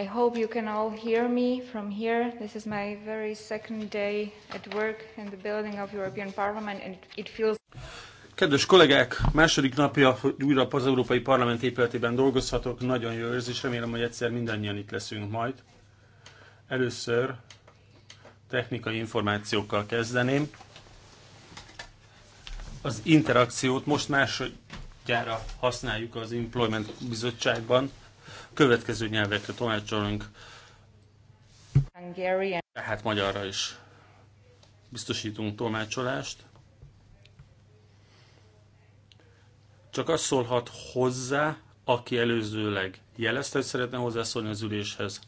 I hope you can all hear me from here. This is my very second day at work in the building of European Parliament and it feels Kedves kollégák, második napja, hogy újra az Európai Parlament épületében dolgozhatok, nagyon jó érzés, remélem, hogy egyszer mindannyian itt leszünk majd. Először technikai információkkal kezdeném. Az interakciót most másodjára használjuk az Employment Bizottságban, Következő nyelvekre tolmácsolunk, tehát magyarra is biztosítunk tolmácsolást. Csak azt szólhat hozzá, aki előzőleg jelezte, hogy szeretne hozzászólni az üléshez.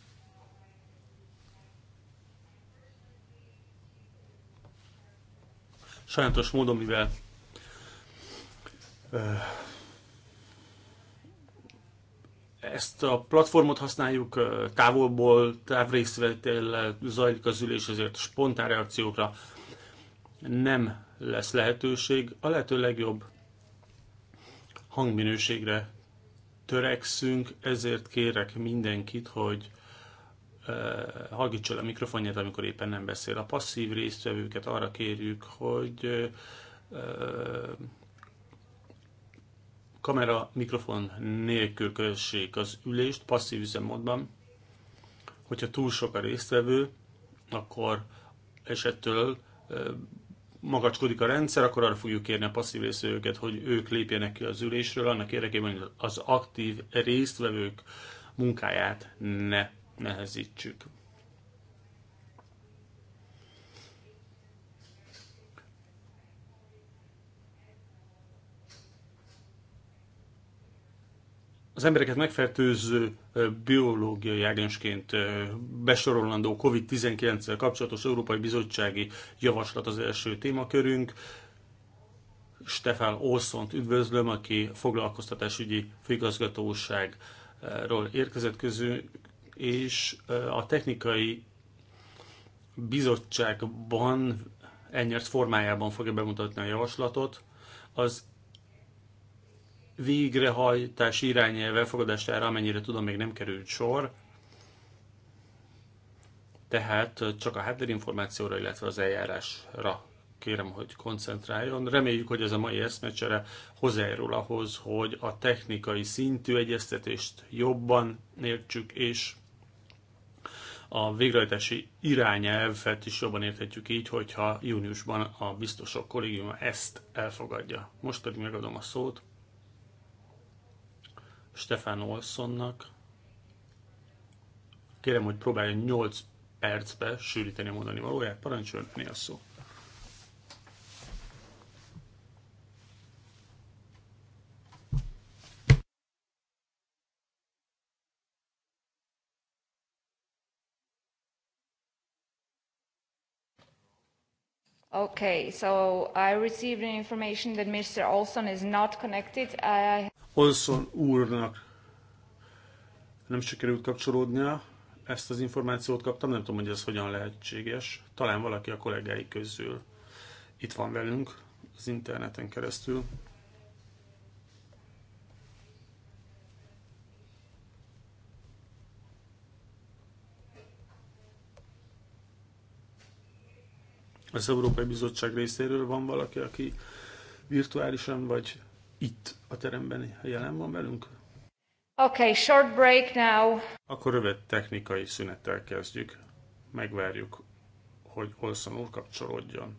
Sajnos módon, mivel ezt a platformot használjuk, távolból, távrészvetéllel zajlik az ülés, ezért spontán reakciókra nem lesz lehetőség. A lehető legjobb hangminőségre törekszünk, ezért kérek mindenkit, hogy hallgítsa a mikrofonját, amikor éppen nem beszél. A passzív résztvevőket arra kérjük, hogy kamera, mikrofon nélkül kövessék az ülést passzív üzemmódban. Hogyha túl sok a résztvevő, akkor esettől magacskodik a rendszer, akkor arra fogjuk kérni a passzív részvevőket, hogy ők lépjenek ki az ülésről, annak érdekében, hogy az aktív résztvevők munkáját ne nehezítsük. az embereket megfertőző biológiai ágensként besorolandó covid 19 el kapcsolatos Európai Bizottsági Javaslat az első témakörünk. Stefan Olszont üdvözlöm, aki foglalkoztatásügyi főigazgatóságról érkezett közül, és a technikai bizottságban elnyert formájában fogja bemutatni a javaslatot. Az végrehajtás irányelv elfogadására, amennyire tudom, még nem került sor. Tehát csak a háttérinformációra, illetve az eljárásra kérem, hogy koncentráljon. Reméljük, hogy ez a mai eszmecsere hozzájárul ahhoz, hogy a technikai szintű egyeztetést jobban értsük, és a végrehajtási irányelvet is jobban érthetjük így, hogyha júniusban a biztosok kollégiuma ezt elfogadja. Most pedig megadom a szót Stefan Olsonnak. Kérem, hogy próbáljon 8 percbe sűríteni a mondani valóját. Parancsoljon, mi a szó? Okay, so I received information that Mr. Olson is not connected. I... Olson úrnak nem sikerült kapcsolódnia, ezt az információt kaptam, nem tudom, hogy ez hogyan lehetséges. Talán valaki a kollégái közül itt van velünk az interneten keresztül. Az Európai Bizottság részéről van valaki, aki virtuálisan vagy itt a teremben jelen van velünk? Okay, short break now. Akkor rövid technikai szünettel kezdjük. Megvárjuk, hogy Olszon úr kapcsolódjon.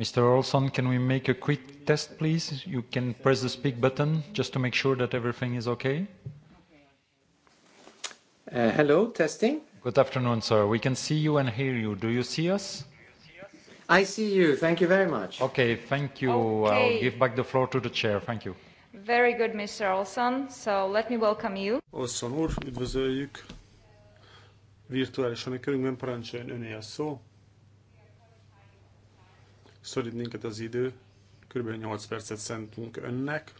Mr. Olson, can we make a quick test, please? You can press the speak button just to make sure that everything is okay. Uh, hello, testing. Good afternoon, sir. We can see you and hear you. Do you see us? I see you. Thank you very much. Okay, thank you. Uh, okay. I'll give back the floor to the chair. Thank you. Very good, Mr. Olson. So let me welcome you. Olson úr, üdvözöljük. Virtuálisan a körünkben parancsoljon öné a szó szorít minket az idő, kb. 8 percet szentünk önnek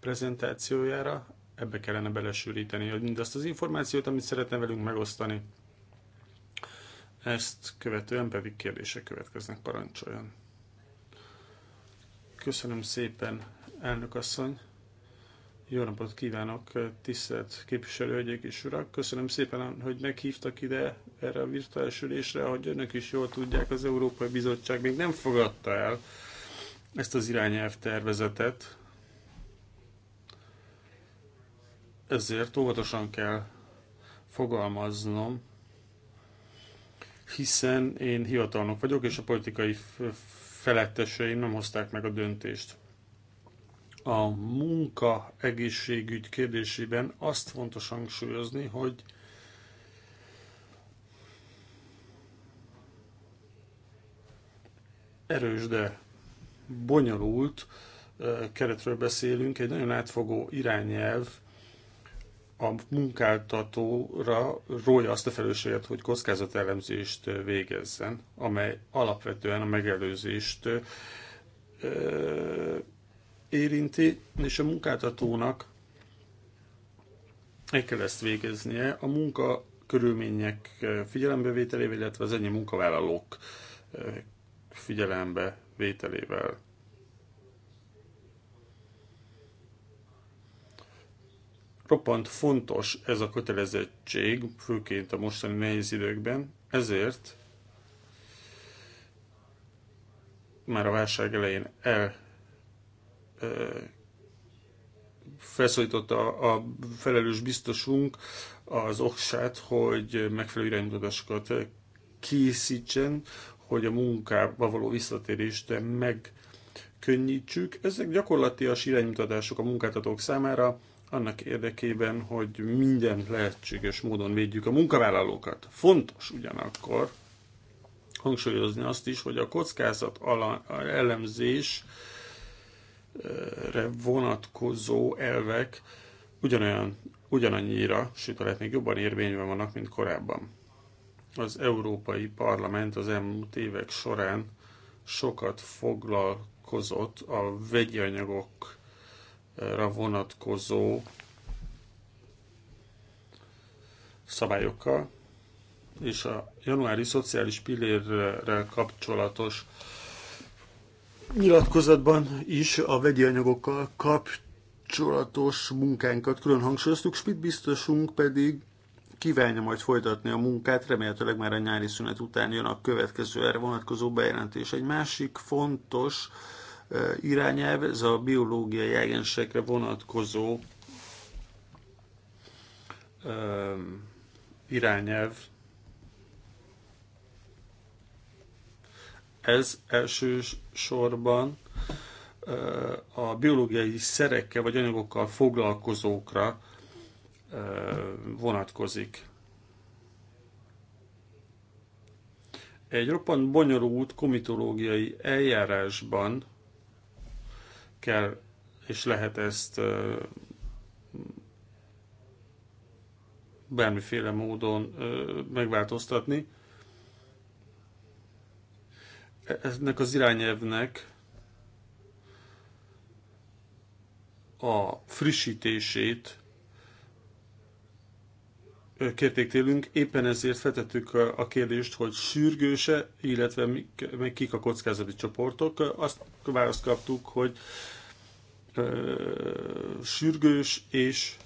prezentációjára, ebbe kellene belesűríteni, hogy mindazt az információt, amit szeretne velünk megosztani. Ezt követően pedig kérdések következnek, parancsoljon. Köszönöm szépen, elnök asszony. Jó napot kívánok, tisztelt képviselő hölgyek és urak! Köszönöm szépen, hogy meghívtak ide erre a virtuális ülésre. Ahogy önök is jól tudják, az Európai Bizottság még nem fogadta el ezt az irányelv tervezetet. Ezért óvatosan kell fogalmaznom, hiszen én hivatalnok vagyok, és a politikai feletteseim nem hozták meg a döntést a munka egészségügy kérdésében azt fontos hangsúlyozni, hogy erős, de bonyolult keretről beszélünk, egy nagyon átfogó irányelv a munkáltatóra rója azt a felelősséget, hogy kockázatelemzést végezzen, amely alapvetően a megelőzést érinti, és a munkáltatónak el kell ezt végeznie a munka körülmények eh, figyelembevételével, illetve az ennyi munkavállalók eh, figyelembevételével. vételével. Roppant fontos ez a kötelezettség, főként a mostani nehéz időkben, ezért már a válság elején el felszólított a felelős biztosunk az oksát, hogy megfelelő iránymutatásokat készítsen, hogy a munkába való visszatérést megkönnyítsük. Ezek gyakorlatias iránymutatások a munkáltatók számára, annak érdekében, hogy minden lehetséges módon védjük a munkavállalókat. Fontos ugyanakkor hangsúlyozni azt is, hogy a kockázat elemzés vonatkozó elvek ugyanolyan, ugyanannyira, sőt, lehet még jobban érvényben vannak, mint korábban. Az Európai Parlament az elmúlt évek során sokat foglalkozott a vegyi anyagokra vonatkozó szabályokkal, és a januári szociális pillérrel kapcsolatos nyilatkozatban is a vegyi anyagokkal kapcsolatos munkánkat külön hangsúlyoztuk, Spit biztosunk pedig kívánja majd folytatni a munkát, remélhetőleg már a nyári szünet után jön a következő erre vonatkozó bejelentés. Egy másik fontos irányelv, ez a biológiai ágensekre vonatkozó irányelv Ez elsősorban a biológiai szerekkel vagy anyagokkal foglalkozókra vonatkozik. Egy roppant bonyolult komitológiai eljárásban kell és lehet ezt bármiféle módon megváltoztatni ennek az irányelvnek a frissítését kérték télünk, éppen ezért feltettük a kérdést, hogy sürgőse, illetve meg kik a kockázati csoportok. Azt választ kaptuk, hogy sürgős és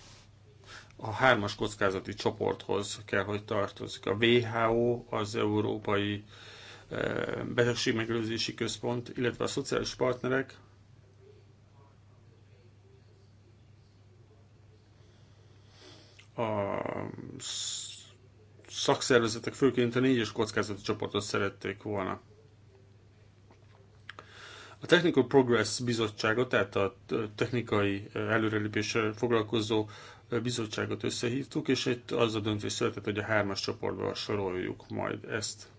a hármas kockázati csoporthoz kell, hogy tartozik. A WHO, az Európai betegségmegelőzési központ, illetve a szociális partnerek a szakszervezetek főként a négyes kockázati csoportot szerették volna. A Technical Progress bizottságot, tehát a technikai előrelépéssel foglalkozó bizottságot összehívtuk, és itt az a döntés született, hogy a hármas csoportba soroljuk majd ezt.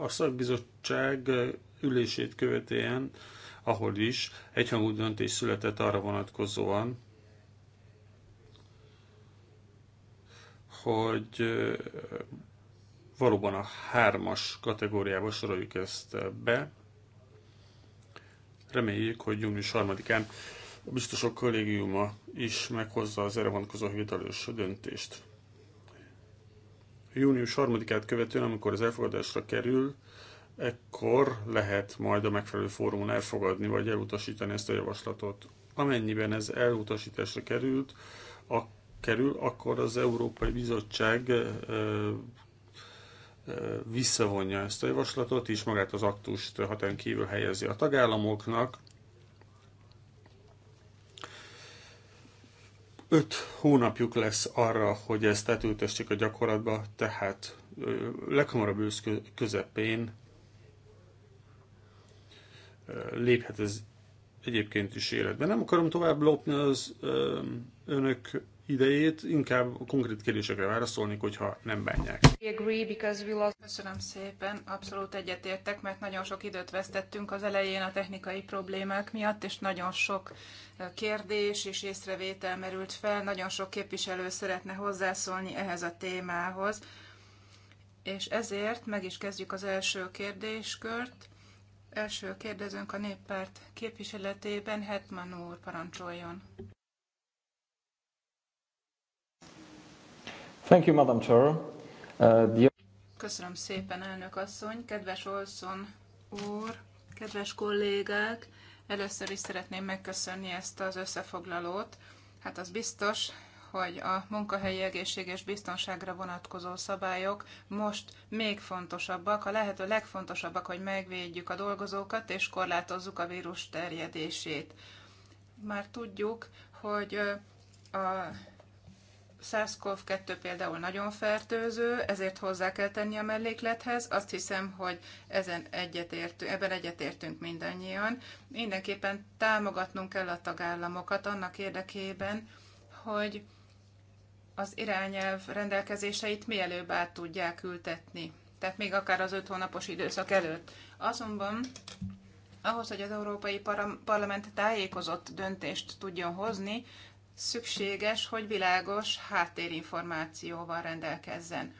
A szakbizottság ülését követően, ahol is egyhangú döntés született arra vonatkozóan, hogy valóban a hármas kategóriába soroljuk ezt be. Reméljük, hogy június 3-án a biztosok kollégiuma is meghozza az erre vonatkozó hivatalos döntést június 3-át követően, amikor az elfogadásra kerül, ekkor lehet majd a megfelelő fórumon elfogadni vagy elutasítani ezt a javaslatot. Amennyiben ez elutasításra került, a, kerül, akkor az Európai Bizottság ö, ö, visszavonja ezt a javaslatot, és magát az aktust határon kívül helyezi a tagállamoknak. öt hónapjuk lesz arra, hogy ezt tetültessék a gyakorlatba, tehát leghamarabb ősz közepén léphet ez egyébként is életbe. Nem akarom tovább lopni az önök idejét, inkább konkrét kérdésekre válaszolnék, hogyha nem bánják. Köszönöm szépen, abszolút egyetértek, mert nagyon sok időt vesztettünk az elején a technikai problémák miatt, és nagyon sok kérdés és észrevétel merült fel, nagyon sok képviselő szeretne hozzászólni ehhez a témához. És ezért meg is kezdjük az első kérdéskört. Első kérdezőnk a néppárt képviseletében, Hetman úr parancsoljon. Thank you, Madam Chair. Uh, the... Köszönöm szépen, elnök asszony, kedves Olson úr, kedves kollégák! Először is szeretném megköszönni ezt az összefoglalót. Hát az biztos, hogy a munkahelyi egészség és biztonságra vonatkozó szabályok most még fontosabbak, a lehető legfontosabbak, hogy megvédjük a dolgozókat és korlátozzuk a vírus terjedését. Már tudjuk, hogy a SARS-CoV-2 például nagyon fertőző, ezért hozzá kell tenni a melléklethez. Azt hiszem, hogy ezen egyetértünk, ebben egyetértünk mindannyian. Mindenképpen támogatnunk kell a tagállamokat annak érdekében, hogy az irányelv rendelkezéseit mielőbb át tudják ültetni. Tehát még akár az öt hónapos időszak előtt. Azonban ahhoz, hogy az Európai Parlament tájékozott döntést tudjon hozni, szükséges, hogy világos háttérinformációval rendelkezzen.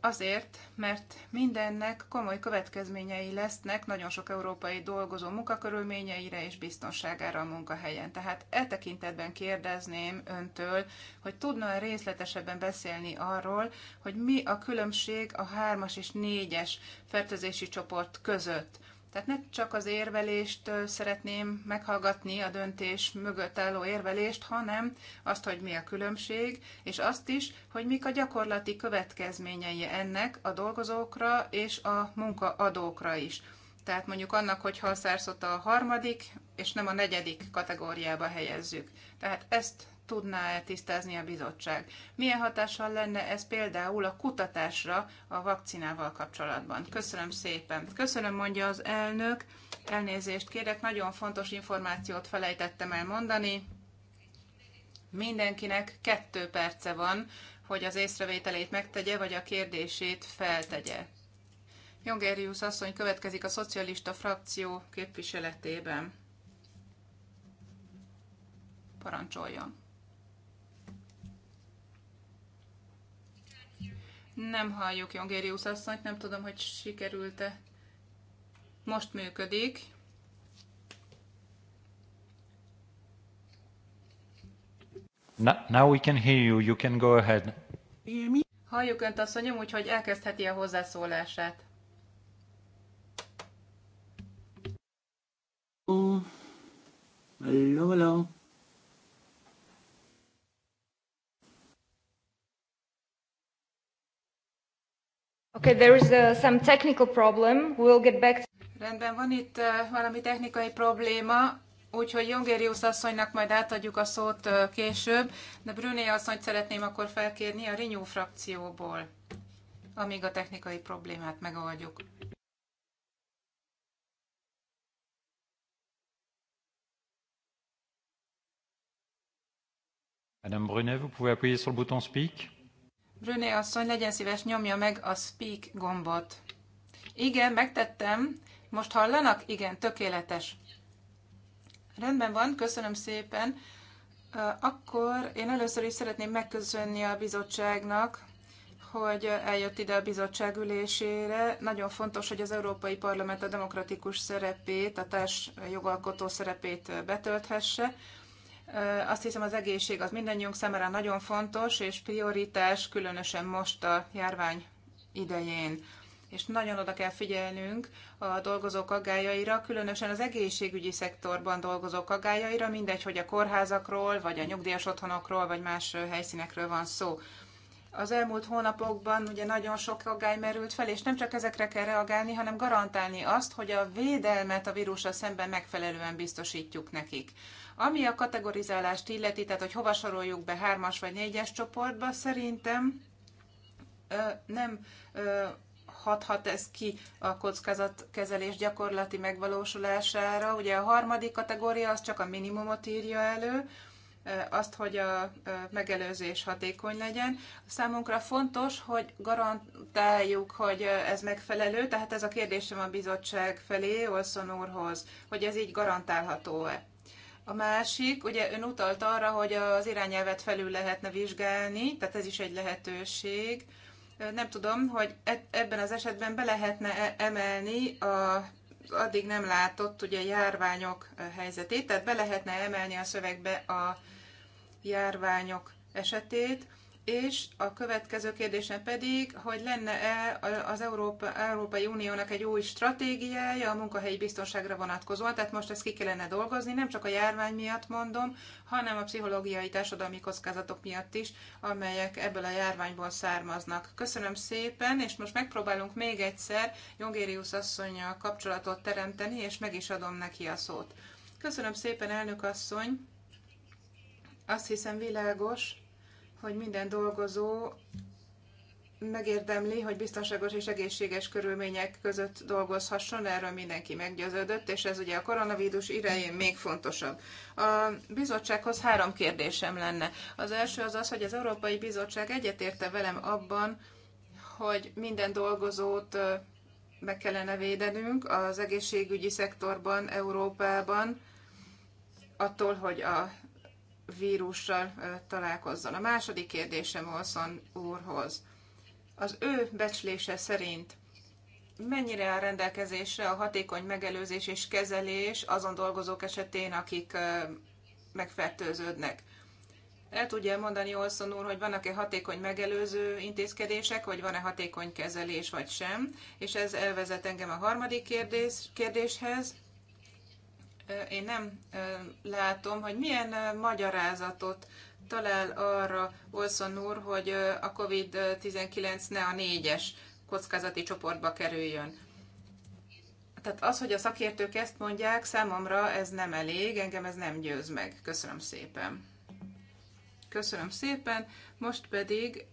Azért, mert mindennek komoly következményei lesznek nagyon sok európai dolgozó munkakörülményeire és biztonságára a munkahelyen. Tehát e tekintetben kérdezném öntől, hogy tudna-e részletesebben beszélni arról, hogy mi a különbség a hármas és négyes fertőzési csoport között tehát ne csak az érvelést szeretném meghallgatni, a döntés mögött álló érvelést, hanem azt, hogy mi a különbség, és azt is, hogy mik a gyakorlati következményei ennek a dolgozókra és a munkaadókra is. Tehát mondjuk annak, hogy ha a szárszot a harmadik, és nem a negyedik kategóriába helyezzük. Tehát ezt tudná-e tisztázni a bizottság? Milyen hatással lenne ez például a kutatásra a vakcinával kapcsolatban? Köszönöm szépen. Köszönöm, mondja az elnök. Elnézést kérek, nagyon fontos információt felejtettem elmondani. Mindenkinek kettő perce van, hogy az észrevételét megtegye, vagy a kérdését feltegye. Jongerius asszony következik a szocialista frakció képviseletében. Parancsoljon! Nem halljuk Jongérius asszonyt, nem tudom, hogy sikerült-e. Most működik. Now we can hear you, you can go ahead. Halljuk Önt, asszonyom, úgyhogy elkezdheti a hozzászólását. Hello, hello. Okay, there is uh, some technical problem. We'll get back to... Rendben, van itt uh, valami technikai probléma, úgyhogy Jongérius asszonynak majd átadjuk a szót uh, később, de Brüné asszonyt szeretném akkor felkérni a Renew frakcióból, amíg a technikai problémát megoldjuk. Madame Brunet, vous pouvez appuyer sur le bouton speak. Brüné asszony, legyen szíves, nyomja meg a speak gombot. Igen, megtettem. Most hallanak? Igen, tökéletes. Rendben van, köszönöm szépen. Akkor én először is szeretném megköszönni a bizottságnak, hogy eljött ide a bizottság ülésére. Nagyon fontos, hogy az Európai Parlament a demokratikus szerepét, a társ jogalkotó szerepét betölthesse azt hiszem az egészség az mindannyiunk szemére nagyon fontos és prioritás, különösen most a járvány idején és nagyon oda kell figyelnünk a dolgozók aggájaira, különösen az egészségügyi szektorban dolgozók aggájaira, mindegy, hogy a kórházakról, vagy a nyugdíjas otthonokról, vagy más helyszínekről van szó. Az elmúlt hónapokban ugye nagyon sok aggály merült fel, és nem csak ezekre kell reagálni, hanem garantálni azt, hogy a védelmet a vírusra szemben megfelelően biztosítjuk nekik. Ami a kategorizálást illeti, tehát hogy hova soroljuk be hármas vagy négyes csoportba, szerintem nem hathat ez ki a kockázatkezelés gyakorlati megvalósulására. Ugye a harmadik kategória az csak a minimumot írja elő, azt, hogy a megelőzés hatékony legyen. Számunkra fontos, hogy garantáljuk, hogy ez megfelelő, tehát ez a kérdésem a bizottság felé, Olszon úrhoz, hogy ez így garantálható-e. A másik, ugye ön utalt arra, hogy az irányelvet felül lehetne vizsgálni, tehát ez is egy lehetőség. Nem tudom, hogy e- ebben az esetben be lehetne e- emelni a addig nem látott ugye járványok helyzetét, tehát be lehetne emelni a szövegbe a járványok esetét. És a következő kérdésem pedig, hogy lenne-e az Európa, Európai Uniónak egy új stratégiája a munkahelyi biztonságra vonatkozóan, tehát most ezt ki kellene dolgozni, nem csak a járvány miatt mondom, hanem a pszichológiai társadalmi kockázatok miatt is, amelyek ebből a járványból származnak. Köszönöm szépen, és most megpróbálunk még egyszer Jongérius asszonynal kapcsolatot teremteni, és meg is adom neki a szót. Köszönöm szépen, elnök asszony! Azt hiszem világos, hogy minden dolgozó megérdemli, hogy biztonságos és egészséges körülmények között dolgozhasson, erről mindenki meggyőződött, és ez ugye a koronavírus idején még fontosabb. A bizottsághoz három kérdésem lenne. Az első az az, hogy az Európai Bizottság egyetérte velem abban, hogy minden dolgozót meg kellene védenünk az egészségügyi szektorban, Európában, attól, hogy a vírussal találkozzon. A második kérdésem Olszon úrhoz. Az ő becslése szerint mennyire áll rendelkezésre a hatékony megelőzés és kezelés azon dolgozók esetén, akik megfertőződnek? El tudja mondani Olszon úr, hogy vannak-e hatékony megelőző intézkedések, vagy van-e hatékony kezelés, vagy sem? És ez elvezet engem a harmadik kérdés, kérdéshez én nem látom, hogy milyen magyarázatot talál arra Olson úr, hogy a COVID-19 ne a négyes kockázati csoportba kerüljön. Tehát az, hogy a szakértők ezt mondják, számomra ez nem elég, engem ez nem győz meg. Köszönöm szépen. Köszönöm szépen. Most pedig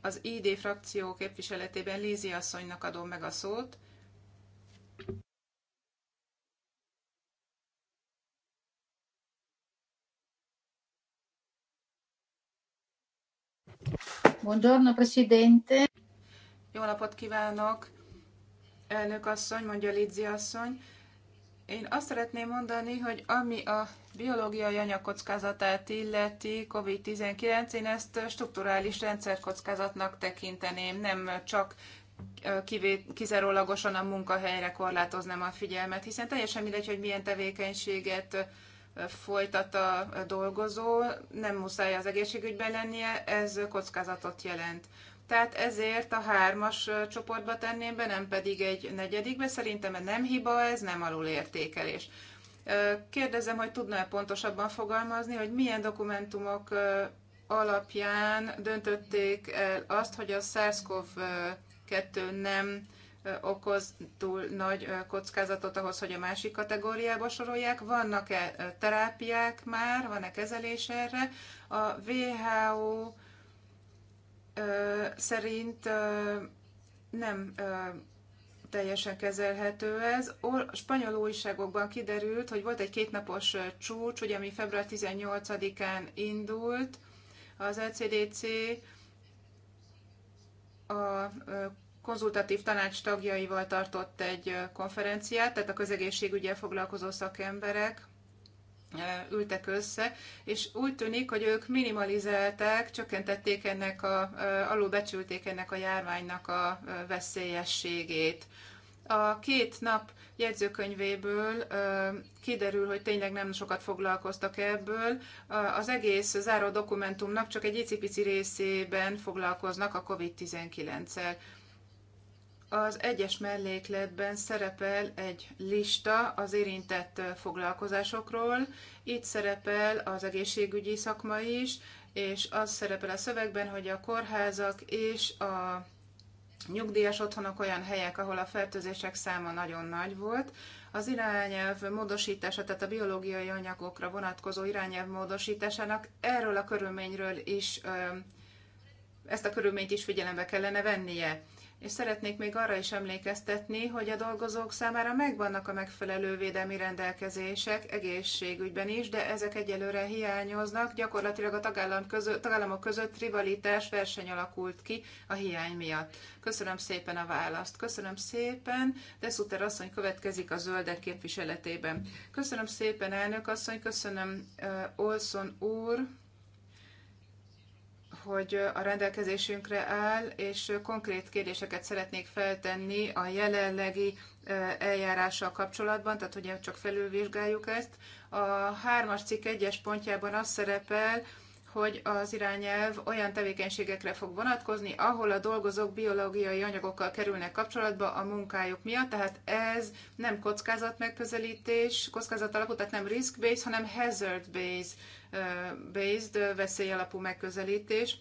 az ID frakció képviseletében Lízi asszonynak adom meg a szót. Buongiorno, Presidente. Jó napot kívánok, elnök asszony, mondja Lidzi asszony. Én azt szeretném mondani, hogy ami a biológiai anyagkockázatát illeti COVID-19, én ezt strukturális rendszerkockázatnak tekinteném, nem csak kivét, kizárólagosan a munkahelyre korlátoznám a figyelmet, hiszen teljesen mindegy, hogy milyen tevékenységet folytatta dolgozó, nem muszáj az egészségügyben lennie, ez kockázatot jelent. Tehát ezért a hármas csoportba tenném be, nem pedig egy negyedikbe. Szerintem nem hiba ez, nem alulértékelés. Kérdezem, hogy tudna-e pontosabban fogalmazni, hogy milyen dokumentumok alapján döntötték el azt, hogy a SARS-CoV-2 nem okoz túl nagy kockázatot ahhoz, hogy a másik kategóriába sorolják. Vannak-e terápiák már, van-e kezelés erre? A WHO szerint nem teljesen kezelhető ez. A spanyol újságokban kiderült, hogy volt egy kétnapos csúcs, ugye, ami február 18-án indult, az ECDC a konzultatív tanács tagjaival tartott egy konferenciát, tehát a közegészségügyel foglalkozó szakemberek ültek össze, és úgy tűnik, hogy ők minimalizálták, csökkentették ennek a, alulbecsülték ennek a járványnak a veszélyességét. A két nap jegyzőkönyvéből kiderül, hogy tényleg nem sokat foglalkoztak ebből. Az egész záró dokumentumnak csak egy icipici részében foglalkoznak a COVID-19-el az egyes mellékletben szerepel egy lista az érintett foglalkozásokról. Itt szerepel az egészségügyi szakma is, és az szerepel a szövegben, hogy a kórházak és a nyugdíjas otthonok olyan helyek, ahol a fertőzések száma nagyon nagy volt. Az irányelv módosítása, tehát a biológiai anyagokra vonatkozó irányelv módosításának erről a körülményről is, ezt a körülményt is figyelembe kellene vennie és szeretnék még arra is emlékeztetni, hogy a dolgozók számára megvannak a megfelelő védelmi rendelkezések egészségügyben is, de ezek egyelőre hiányoznak. Gyakorlatilag a tagállam között, tagállamok között rivalitás, verseny alakult ki a hiány miatt. Köszönöm szépen a választ. Köszönöm szépen. De Szuter asszony következik a zöldek képviseletében. Köszönöm szépen, elnök asszony. Köszönöm uh, Olson úr hogy a rendelkezésünkre áll, és konkrét kérdéseket szeretnék feltenni a jelenlegi eljárással kapcsolatban, tehát ugye csak felülvizsgáljuk ezt. A hármas cikk egyes pontjában az szerepel, hogy az irányelv olyan tevékenységekre fog vonatkozni, ahol a dolgozók biológiai anyagokkal kerülnek kapcsolatba a munkájuk miatt, tehát ez nem kockázat megközelítés, kockázat alapú, tehát nem risk-based, hanem hazard-based based veszélyalapú megközelítés.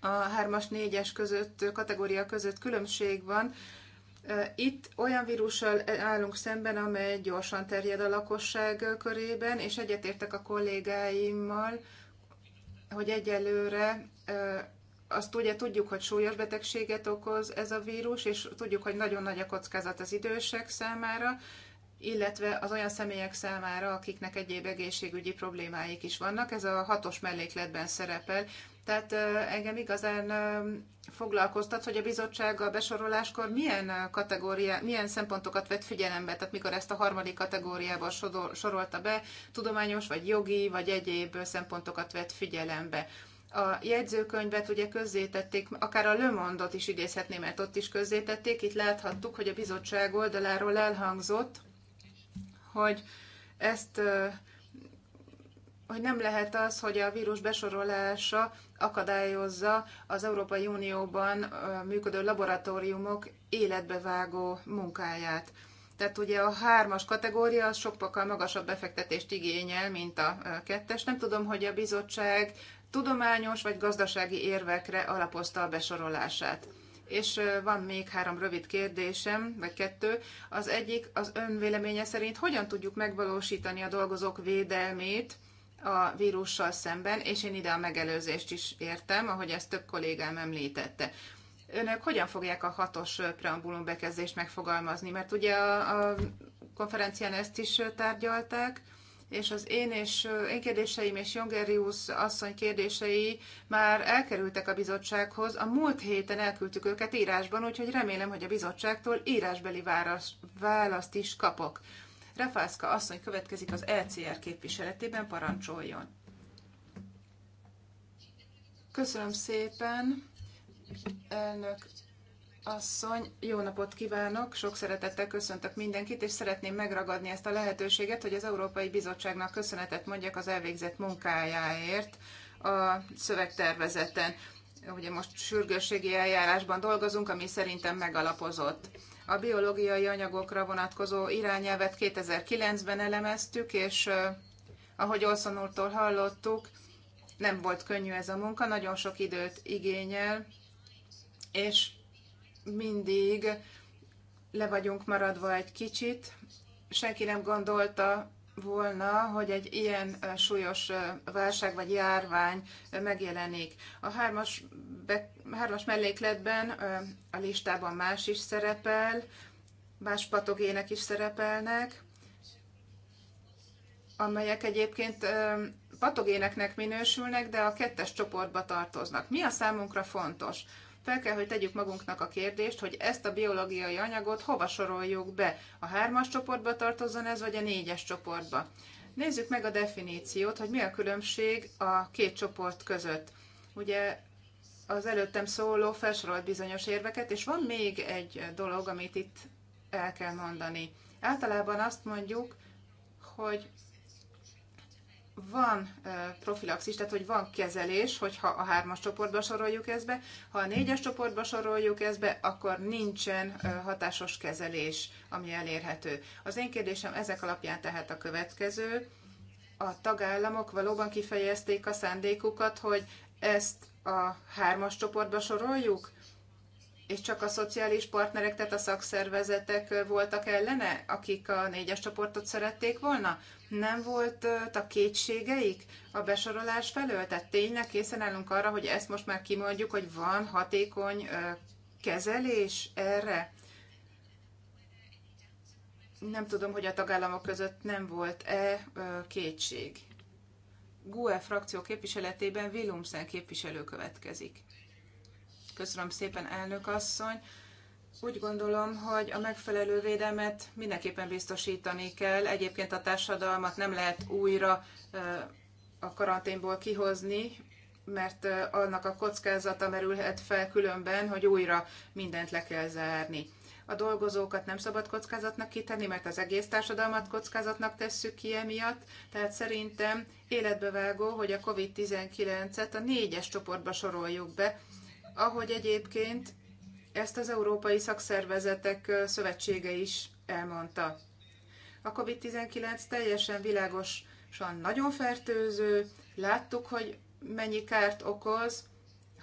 A 3-as, 4-es között, kategória között különbség van, itt olyan vírussal állunk szemben, amely gyorsan terjed a lakosság körében, és egyetértek a kollégáimmal, hogy egyelőre azt ugye tudjuk, hogy súlyos betegséget okoz ez a vírus, és tudjuk, hogy nagyon nagy a kockázat az idősek számára, illetve az olyan személyek számára, akiknek egyéb egészségügyi problémáik is vannak. Ez a hatos mellékletben szerepel. Tehát engem igazán foglalkoztat, hogy a bizottság a besoroláskor milyen, kategóriá, milyen szempontokat vett figyelembe, tehát mikor ezt a harmadik kategóriába sorolta be, tudományos vagy jogi vagy egyéb szempontokat vett figyelembe a jegyzőkönyvet ugye közzétették, akár a Lömondot is idézhetném, mert ott is közzétették, itt láthattuk, hogy a bizottság oldaláról elhangzott, hogy ezt hogy nem lehet az, hogy a vírus besorolása akadályozza az Európai Unióban működő laboratóriumok életbevágó munkáját. Tehát ugye a hármas kategória az sokkal magasabb befektetést igényel, mint a kettes. Nem tudom, hogy a bizottság tudományos vagy gazdasági érvekre alapozta a besorolását és van még három rövid kérdésem, vagy kettő. Az egyik az ön véleménye szerint hogyan tudjuk megvalósítani a dolgozók védelmét a vírussal szemben, és én ide a megelőzést is értem, ahogy ezt több kollégám említette. Önök hogyan fogják a hatos preambulum bekezdést megfogalmazni? Mert ugye a, a konferencián ezt is tárgyalták, és az én és én kérdéseim és Jongerius asszony kérdései már elkerültek a bizottsághoz. A múlt héten elküldtük őket írásban, úgyhogy remélem, hogy a bizottságtól írásbeli választ is kapok. Rafászka asszony következik az LCR e képviseletében, parancsoljon. Köszönöm szépen, elnök asszony, jó napot kívánok, sok szeretettel köszöntök mindenkit, és szeretném megragadni ezt a lehetőséget, hogy az Európai Bizottságnak köszönetet mondjak az elvégzett munkájáért a szövegtervezeten. Ugye most sürgősségi eljárásban dolgozunk, ami szerintem megalapozott. A biológiai anyagokra vonatkozó irányelvet 2009-ben elemeztük, és ahogy Olszon úrtól hallottuk, nem volt könnyű ez a munka, nagyon sok időt igényel, és mindig le vagyunk maradva egy kicsit. Senki nem gondolta volna, hogy egy ilyen súlyos válság vagy járvány megjelenik. A hármas, be, hármas mellékletben a listában más is szerepel, más patogének is szerepelnek, amelyek egyébként patogéneknek minősülnek, de a kettes csoportba tartoznak. Mi a számunkra fontos? fel kell, hogy tegyük magunknak a kérdést, hogy ezt a biológiai anyagot hova soroljuk be. A hármas csoportba tartozzon ez, vagy a négyes csoportba. Nézzük meg a definíciót, hogy mi a különbség a két csoport között. Ugye az előttem szóló felsorolt bizonyos érveket, és van még egy dolog, amit itt el kell mondani. Általában azt mondjuk, hogy van profilaxis, tehát hogy van kezelés, hogyha a hármas csoportba soroljuk ezt be, ha a négyes csoportba soroljuk ezt be, akkor nincsen hatásos kezelés, ami elérhető. Az én kérdésem ezek alapján tehát a következő. A tagállamok valóban kifejezték a szándékukat, hogy ezt a hármas csoportba soroljuk, és csak a szociális partnerek, tehát a szakszervezetek voltak ellene, akik a négyes csoportot szerették volna? Nem volt a kétségeik a besorolás felől? Tehát tényleg készen állunk arra, hogy ezt most már kimondjuk, hogy van hatékony kezelés erre? Nem tudom, hogy a tagállamok között nem volt-e kétség. GUE frakció képviseletében Willumsen képviselő következik. Köszönöm szépen, elnök asszony. Úgy gondolom, hogy a megfelelő védelmet mindenképpen biztosítani kell. Egyébként a társadalmat nem lehet újra a karanténból kihozni, mert annak a kockázata merülhet fel különben, hogy újra mindent le kell zárni. A dolgozókat nem szabad kockázatnak kitenni, mert az egész társadalmat kockázatnak tesszük ki emiatt, tehát szerintem életbevágó, hogy a COVID-19-et a négyes csoportba soroljuk be, ahogy egyébként ezt az Európai Szakszervezetek Szövetsége is elmondta. A COVID-19 teljesen világosan nagyon fertőző, láttuk, hogy mennyi kárt okoz,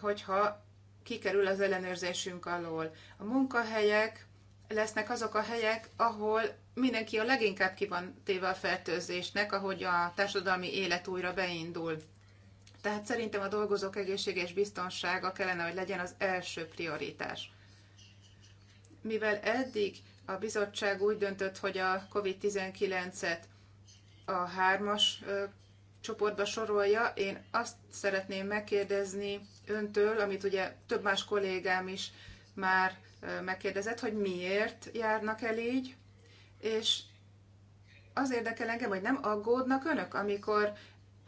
hogyha kikerül az ellenőrzésünk alól. A munkahelyek lesznek azok a helyek, ahol mindenki a leginkább ki van téve a fertőzésnek, ahogy a társadalmi élet újra beindul. Tehát szerintem a dolgozók egészsége és biztonsága kellene, hogy legyen az első prioritás. Mivel eddig a bizottság úgy döntött, hogy a COVID-19-et a hármas csoportba sorolja, én azt szeretném megkérdezni öntől, amit ugye több más kollégám is már megkérdezett, hogy miért járnak el így, és az érdekel engem, hogy nem aggódnak önök, amikor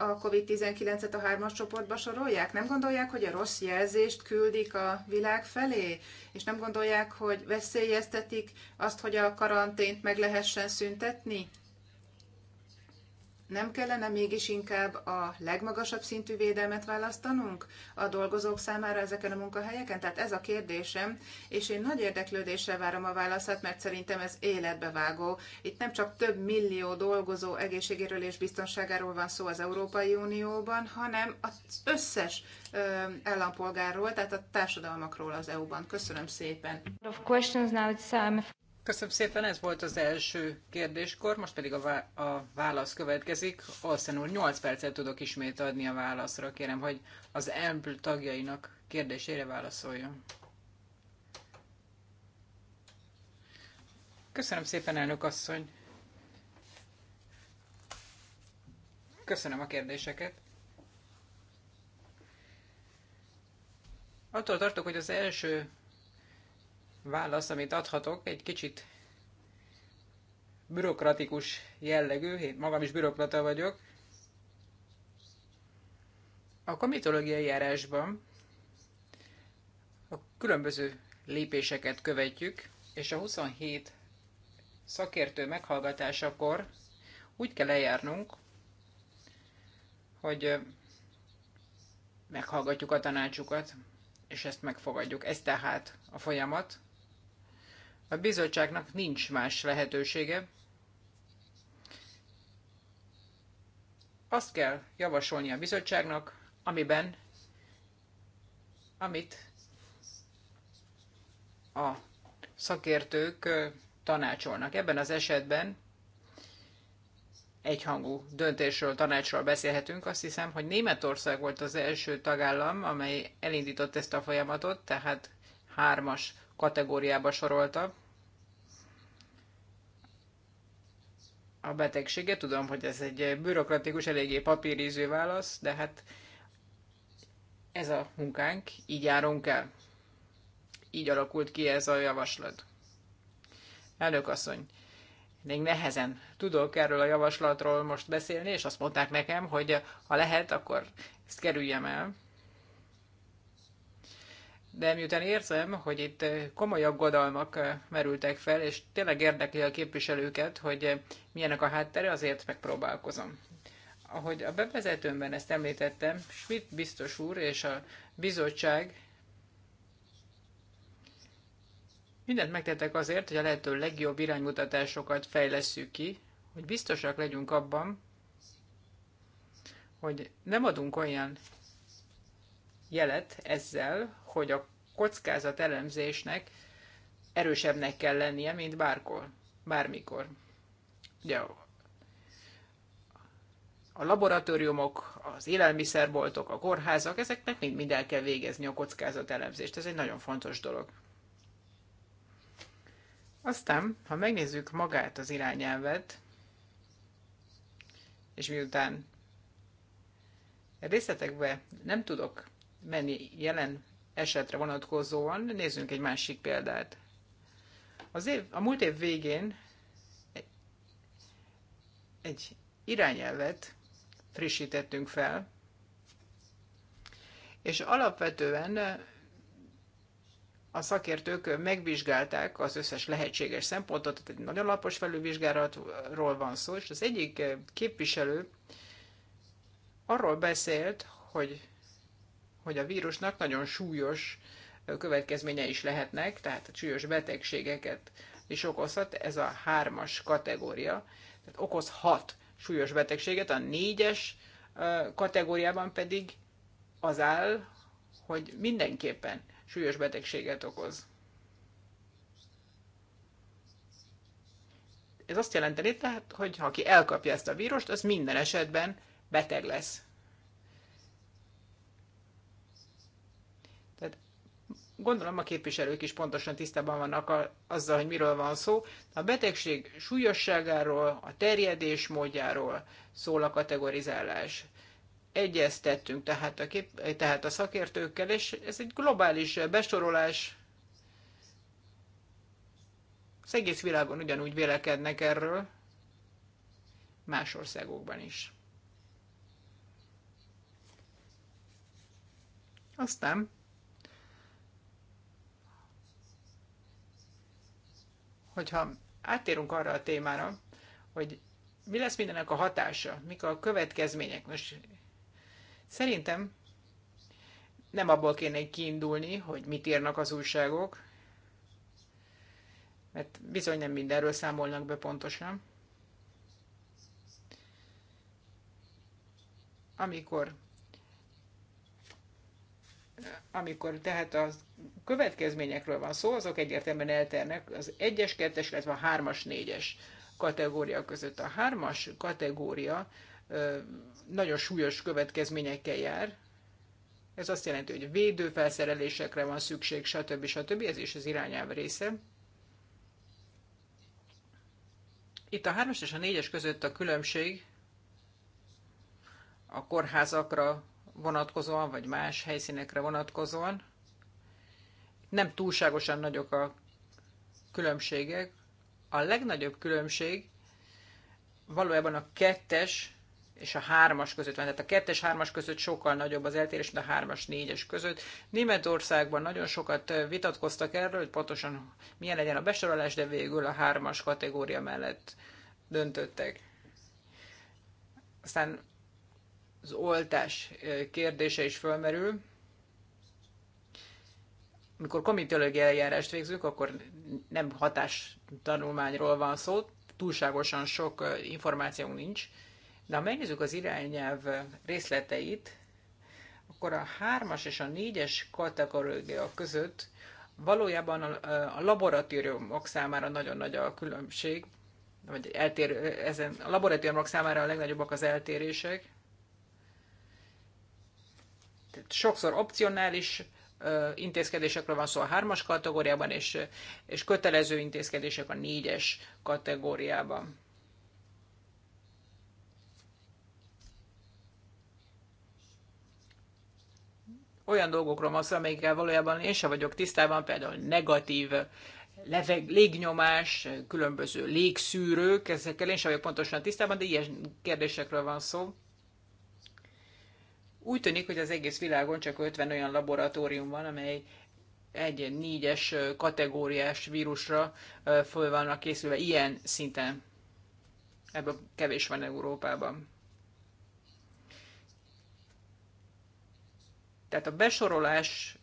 a COVID-19-et a hármas csoportba sorolják? Nem gondolják, hogy a rossz jelzést küldik a világ felé? És nem gondolják, hogy veszélyeztetik azt, hogy a karantént meg lehessen szüntetni? Nem kellene mégis inkább a legmagasabb szintű védelmet választanunk a dolgozók számára ezeken a munkahelyeken? Tehát ez a kérdésem, és én nagy érdeklődéssel várom a válaszát, mert szerintem ez életbevágó. Itt nem csak több millió dolgozó egészségéről és biztonságáról van szó az Európai Unióban, hanem az összes ö, állampolgárról, tehát a társadalmakról az EU-ban. Köszönöm szépen. Köszönöm szépen, ez volt az első kérdéskor, most pedig a, vá- a válasz következik. Olszen úr, 8 percet tudok ismét adni a válaszra, kérem, hogy az EMPL tagjainak kérdésére válaszoljon. Köszönöm szépen, elnök asszony. Köszönöm a kérdéseket. Attól tartok, hogy az első válasz, amit adhatok, egy kicsit bürokratikus jellegű, én magam is bürokrata vagyok. A komitológiai járásban a különböző lépéseket követjük, és a 27 szakértő meghallgatásakor úgy kell eljárnunk, hogy meghallgatjuk a tanácsukat, és ezt megfogadjuk. Ez tehát a folyamat. A bizottságnak nincs más lehetősége. Azt kell javasolni a bizottságnak, amiben, amit a szakértők tanácsolnak. Ebben az esetben egyhangú döntésről, tanácsról beszélhetünk. Azt hiszem, hogy Németország volt az első tagállam, amely elindított ezt a folyamatot, tehát hármas kategóriába sorolta a betegséget. Tudom, hogy ez egy bürokratikus, eléggé papírízű válasz, de hát ez a munkánk, így járunk el. Így alakult ki ez a javaslat. Elnök még nehezen tudok erről a javaslatról most beszélni, és azt mondták nekem, hogy ha lehet, akkor ezt kerüljem el de miután érzem, hogy itt eh, komoly aggodalmak eh, merültek fel, és tényleg érdekli a képviselőket, hogy eh, milyenek a háttere, azért megpróbálkozom. Ahogy a bevezetőmben ezt említettem, Schmidt biztos úr és a bizottság mindent megtettek azért, hogy a lehető legjobb iránymutatásokat fejlesszük ki, hogy biztosak legyünk abban, hogy nem adunk olyan jelet ezzel, hogy a kockázat elemzésnek erősebbnek kell lennie, mint bárkor, bármikor. Ugye a laboratóriumok, az élelmiszerboltok, a kórházak, ezeknek mind, mind el kell végezni a kockázat elemzést. Ez egy nagyon fontos dolog. Aztán, ha megnézzük magát az irányelvet, és miután részletekbe nem tudok menni jelen esetre vonatkozóan nézzünk egy másik példát. Az év, a múlt év végén egy irányelvet frissítettünk fel, és alapvetően a szakértők megvizsgálták az összes lehetséges szempontot, tehát egy nagyon lapos felülvizsgálatról van szó, és az egyik képviselő arról beszélt, hogy hogy a vírusnak nagyon súlyos következménye is lehetnek, tehát a súlyos betegségeket is okozhat, ez a hármas kategória, tehát okozhat súlyos betegséget, a négyes kategóriában pedig az áll, hogy mindenképpen súlyos betegséget okoz. Ez azt jelenteni tehát, hogy ha aki elkapja ezt a vírust, az minden esetben beteg lesz. Gondolom a képviselők is pontosan tisztában vannak a, azzal, hogy miről van szó. A betegség súlyosságáról, a terjedés módjáról szól a kategorizálás. Egyeztettünk tehát a, kép, tehát a szakértőkkel, és ez egy globális besorolás. Az egész világon ugyanúgy vélekednek erről, más országokban is. Aztán hogyha áttérünk arra a témára, hogy mi lesz mindennek a hatása, mik a következmények. Most szerintem nem abból kéne kiindulni, hogy mit írnak az újságok, mert bizony nem mindenről számolnak be pontosan. Amikor amikor tehát a következményekről van szó, azok egyértelműen elternek az 1-es, 2-es, illetve a 3-as, 4-es kategória között. A 3-as kategória nagyon súlyos következményekkel jár. Ez azt jelenti, hogy védőfelszerelésekre van szükség, stb. stb. Ez is az irányelv része. Itt a 3-as és a 4-es között a különbség a kórházakra vonatkozóan, vagy más helyszínekre vonatkozóan. Nem túlságosan nagyok a különbségek. A legnagyobb különbség valójában a kettes és a hármas között van. Tehát a kettes, hármas között sokkal nagyobb az eltérés, mint a hármas, négyes között. Németországban nagyon sokat vitatkoztak erről, hogy pontosan milyen legyen a besorolás, de végül a hármas kategória mellett döntöttek. Aztán az oltás kérdése is fölmerül. Mikor komitológiai eljárást végzünk, akkor nem hatás tanulmányról van szó, túlságosan sok információnk nincs, de ha megnézzük az irányelv részleteit, akkor a 3 és a 4-es kategória között valójában a, a laboratóriumok számára nagyon nagy a különbség, vagy eltér, ezen, a laboratóriumok számára a legnagyobbak az eltérések, tehát sokszor opcionális intézkedésekről van szó a hármas kategóriában, és, és kötelező intézkedések a négyes kategóriában. Olyan dolgokról van szó, amelyikkel valójában én sem vagyok tisztában, például negatív leveg, légnyomás, különböző légszűrők, ezekkel én sem vagyok pontosan tisztában, de ilyen kérdésekről van szó. Úgy tűnik, hogy az egész világon csak 50 olyan laboratórium van, amely egy négyes kategóriás vírusra föl vannak készülve ilyen szinten. Ebből kevés van Európában. Tehát a besorolás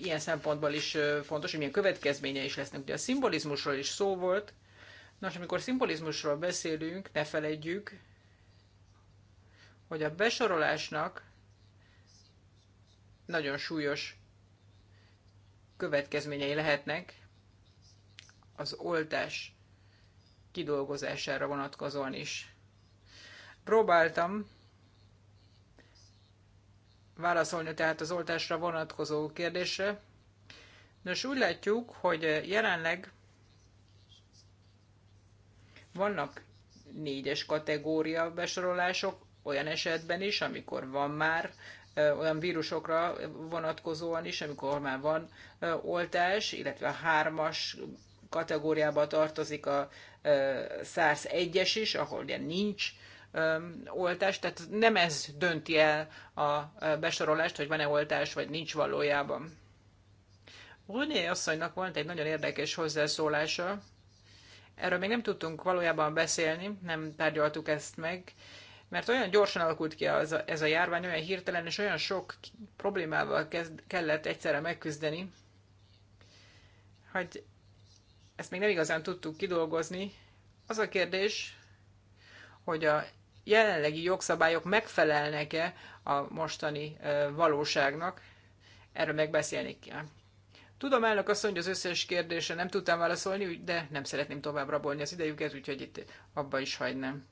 ilyen szempontból is fontos, hogy milyen következménye is lesznek. Ugye a szimbolizmusról is szó volt. Nos, amikor szimbolizmusról beszélünk, ne felejtjük, hogy a besorolásnak nagyon súlyos következményei lehetnek az oltás kidolgozására vonatkozóan is. Próbáltam válaszolni tehát az oltásra vonatkozó kérdésre. Nos, úgy látjuk, hogy jelenleg vannak négyes kategória besorolások, olyan esetben is, amikor van már olyan vírusokra vonatkozóan is, amikor már van oltás, illetve a hármas kategóriába tartozik a SARS 1-es is, ahol ugye nincs oltás, tehát nem ez dönti el a besorolást, hogy van-e oltás, vagy nincs valójában. Bruné asszonynak volt egy nagyon érdekes hozzászólása. Erről még nem tudtunk valójában beszélni, nem tárgyaltuk ezt meg, mert olyan gyorsan alakult ki az, ez a járvány, olyan hirtelen, és olyan sok problémával kezd, kellett egyszerre megküzdeni, hogy ezt még nem igazán tudtuk kidolgozni. Az a kérdés, hogy a jelenlegi jogszabályok megfelelnek-e a mostani valóságnak, erről megbeszélni kell. Tudom, elnök asszony, hogy az összes kérdésre nem tudtam válaszolni, de nem szeretném tovább rabolni az idejüket, úgyhogy itt abba is hagynám.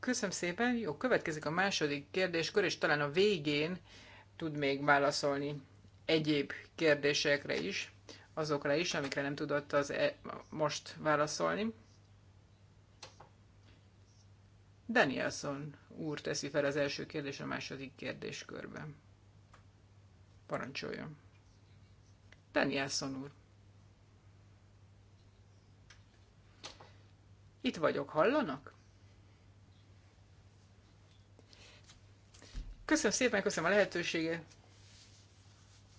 Köszönöm szépen. Jó, következik a második kérdéskör, és talán a végén tud még válaszolni egyéb kérdésekre is, azokra is, amikre nem tudott az e- most válaszolni. Danielson úr teszi fel az első kérdés a második kérdéskörben. Parancsoljon. Danielson úr. Itt vagyok, hallanak? Köszönöm szépen, köszönöm a lehetőséget.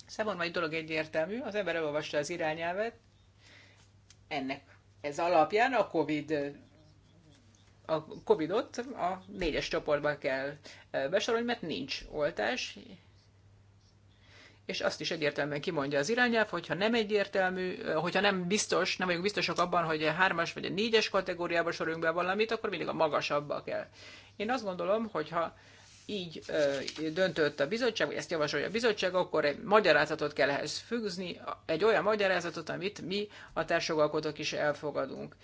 Számomra egy dolog egyértelmű, az ember elolvasta az irányelvet, ennek ez alapján a Covid a Covidot a négyes csoportba kell e, besorolni, mert nincs oltás, és azt is egyértelműen kimondja az irányelv, hogyha nem egyértelmű, e, hogyha nem biztos, nem vagyunk biztosak abban, hogy a hármas vagy a négyes kategóriába sorolunk be valamit, akkor mindig a magasabbba kell. Én azt gondolom, hogyha így döntött a bizottság, vagy ezt javasolja a bizottság, akkor egy magyarázatot kell ehhez fűzni, egy olyan magyarázatot, amit mi a társjogalkotók is elfogadunk.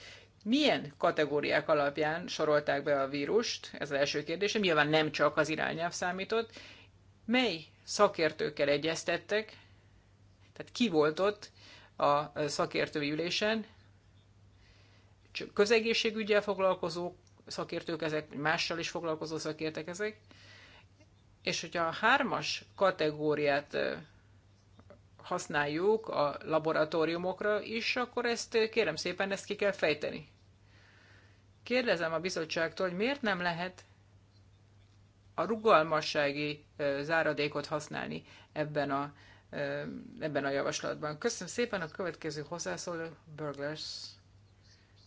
Milyen kategóriák alapján sorolták be a vírust? Ez az első kérdésem. Nyilván nem csak az irányelv számított. Mely szakértőkkel egyeztettek? Tehát ki volt ott a szakértői ülésen? Csak közegészségügyel foglalkozók, szakértők ezek, mással is foglalkozó szakértők ezek, és hogyha a hármas kategóriát használjuk a laboratóriumokra is, akkor ezt kérem szépen, ezt ki kell fejteni. Kérdezem a bizottságtól, hogy miért nem lehet a rugalmassági záradékot használni ebben a, ebben a javaslatban. Köszönöm szépen a következő hozzászóló Burglers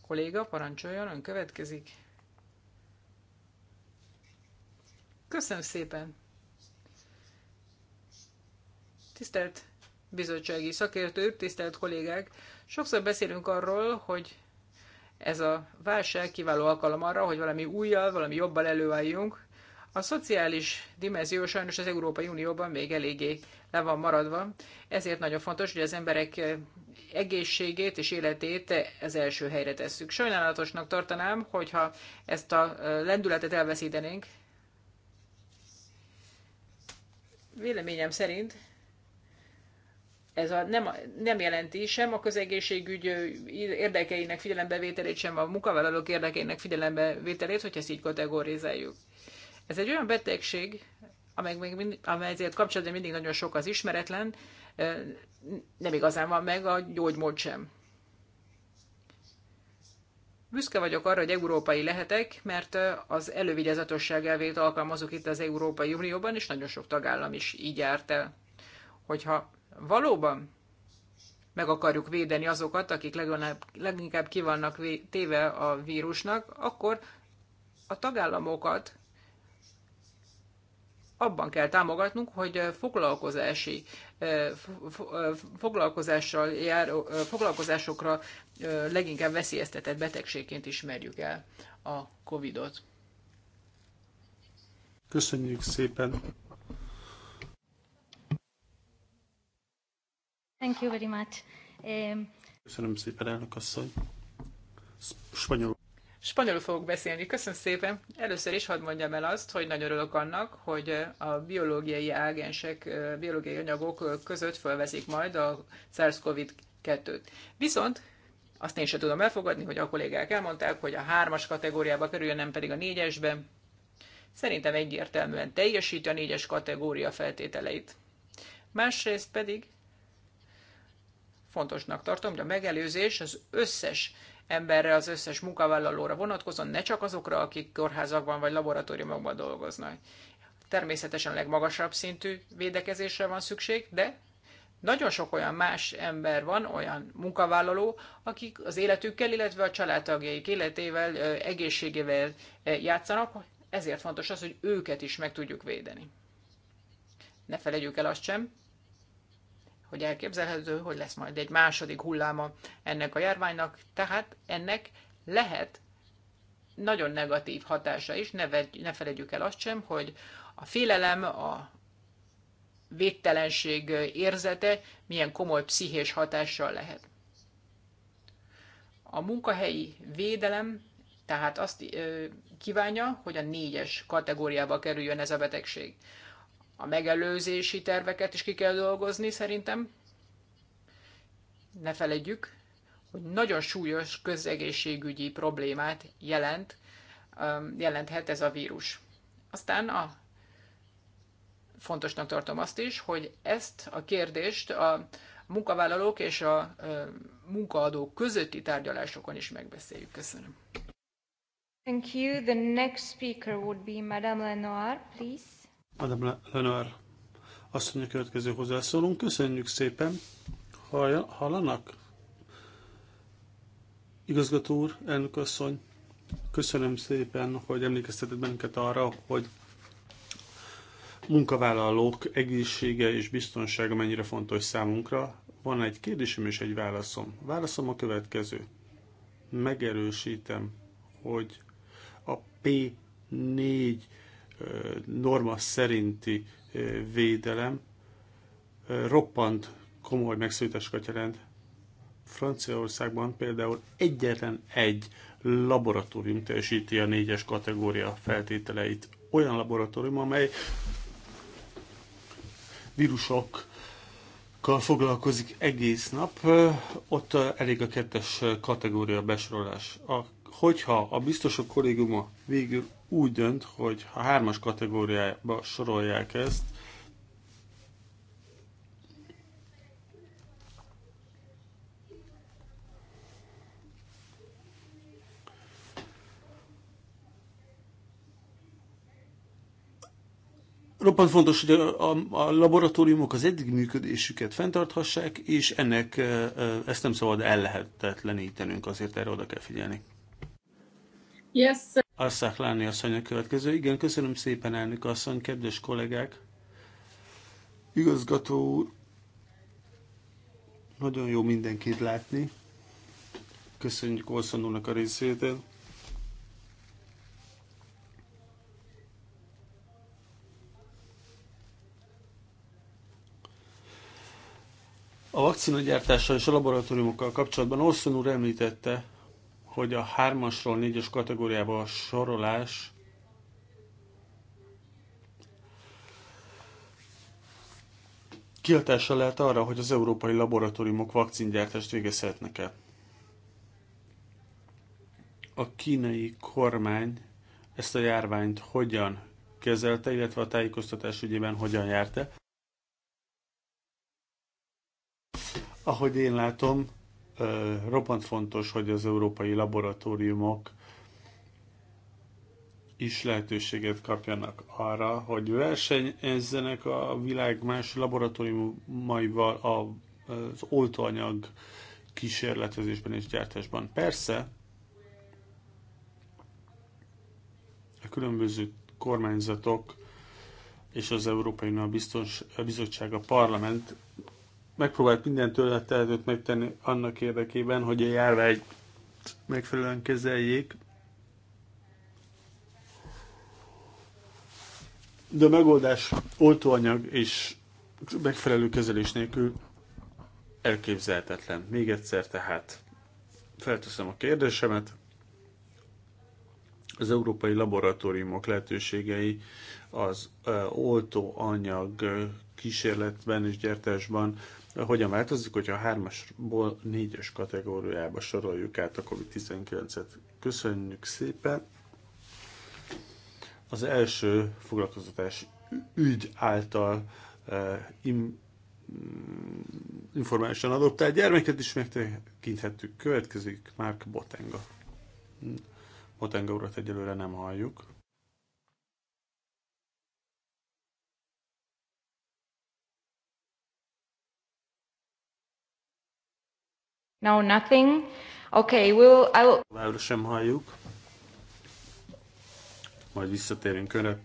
kolléga, parancsoljon, ön következik. Köszönöm szépen. Tisztelt bizottsági szakértők, tisztelt kollégák! Sokszor beszélünk arról, hogy ez a válság kiváló alkalom arra, hogy valami újjal, valami jobban előálljunk. A szociális dimenzió sajnos az Európai Unióban még eléggé le van maradva, ezért nagyon fontos, hogy az emberek egészségét és életét az első helyre tesszük. Sajnálatosnak tartanám, hogyha ezt a lendületet elveszítenénk. Véleményem szerint ez a, nem, nem jelenti sem a közegészségügy érdekeinek figyelembevételét, sem a munkavállalók érdekeinek figyelembevételét, hogyha ezt így kategorizáljuk. Ez egy olyan betegség, amely, még mind, amely ezért kapcsolatban mindig nagyon sok az ismeretlen, nem igazán van meg a gyógymód sem. Büszke vagyok arra, hogy európai lehetek, mert az elővigyázatosság elvét alkalmazok itt az Európai Unióban, és nagyon sok tagállam is így járt el. Hogyha Valóban meg akarjuk védeni azokat, akik leginkább kivannak téve a vírusnak, akkor a tagállamokat abban kell támogatnunk, hogy foglalkozási, foglalkozással jár, foglalkozásokra leginkább veszélyeztetett betegségként ismerjük el a COVID-ot. Köszönjük szépen! Thank you very much. Um... Köszönöm szépen, elnök asszony. Spanyol. Spanyolul fogok beszélni. Köszönöm szépen. Először is hadd mondjam el azt, hogy nagyon örülök annak, hogy a biológiai ágensek, biológiai anyagok között felveszik majd a SARS-CoV-2-t. Viszont azt én sem tudom elfogadni, hogy a kollégák elmondták, hogy a hármas kategóriába kerüljön, nem pedig a négyesbe. Szerintem egyértelműen teljesíti a négyes kategória feltételeit. Másrészt pedig fontosnak tartom, hogy a megelőzés az összes emberre, az összes munkavállalóra vonatkozóan, ne csak azokra, akik kórházakban vagy laboratóriumokban dolgoznak. Természetesen a legmagasabb szintű védekezésre van szükség, de nagyon sok olyan más ember van, olyan munkavállaló, akik az életükkel, illetve a családtagjaik életével, egészségével játszanak, ezért fontos az, hogy őket is meg tudjuk védeni. Ne felejtjük el azt sem, hogy elképzelhető, hogy lesz majd egy második hulláma ennek a járványnak, tehát ennek lehet nagyon negatív hatása is, ne, vegy, ne felejtjük el azt sem, hogy a félelem, a védtelenség érzete milyen komoly pszichés hatással lehet. A munkahelyi védelem tehát azt kívánja, hogy a négyes kategóriába kerüljön ez a betegség a megelőzési terveket is ki kell dolgozni szerintem. Ne feledjük, hogy nagyon súlyos közegészségügyi problémát jelent, jelenthet ez a vírus. Aztán a fontosnak tartom azt is, hogy ezt a kérdést a munkavállalók és a munkaadók közötti tárgyalásokon is megbeszéljük. Köszönöm. Thank you. The next speaker would be Madame Lenoir, please. Madame Lenoir asszony a következő hozzászólunk. Köszönjük szépen. Hallanak? Igazgató úr, elnök asszony, köszönöm szépen, hogy emlékeztetett bennünket arra, hogy munkavállalók egészsége és biztonsága mennyire fontos számunkra. Van egy kérdésem és egy válaszom. Válaszom a következő. Megerősítem, hogy a P4 norma szerinti védelem roppant komoly megszűjteseket jelent. Franciaországban például egyetlen egy laboratórium teljesíti a négyes kategória feltételeit. Olyan laboratórium, amely vírusokkal foglalkozik egész nap, ott elég a kettes kategória besorolás. A, hogyha a biztosok kollégiuma végül úgy dönt, hogy ha hármas kategóriába sorolják ezt, Roppant fontos, hogy a, a laboratóriumok az eddig működésüket fenntarthassák, és ennek ezt nem szabad ellehetetlenítenünk, azért erre oda kell figyelni. Yes. Asszák asszony a következő. Igen, köszönöm szépen, elnök asszony, kedves kollégák. Igazgató úr, nagyon jó mindenkit látni. Köszönjük Olszon úrnak a részvételt. A vakcinagyártással és a laboratóriumokkal kapcsolatban Olszon úr említette, hogy a 3-asról 4-es kategóriába a sorolás kihatása lehet arra, hogy az európai laboratóriumok vakcingyártást végezhetnek el. A kínai kormány ezt a járványt hogyan kezelte, illetve a tájékoztatás ügyében hogyan járt Ahogy én látom, roppant fontos, hogy az európai laboratóriumok is lehetőséget kapjanak arra, hogy versenyezzenek a világ más laboratóriumaival az oltóanyag kísérletezésben és gyártásban. Persze, a különböző kormányzatok és az Európai Unió Biztons, a Bizottság, a Parlament megpróbált minden tőletelőt megtenni annak érdekében, hogy a járvány megfelelően kezeljék. De a megoldás oltóanyag és megfelelő kezelés nélkül elképzelhetetlen. Még egyszer tehát felteszem a kérdésemet. Az európai laboratóriumok lehetőségei az oltóanyag kísérletben és gyártásban hogyan változik, hogyha a 3-asból 4-es kategóriába soroljuk át a COVID-19-et. Köszönjük szépen! Az első foglalkoztatás ügy által uh, im, informálisan adottál gyermeket is megtekinthettük. Következik Mark Botenga. Hm. Botenga urat egyelőre nem halljuk. No, nothing. Okay, we'll... I will... sem halljuk. Majd visszatérünk önök.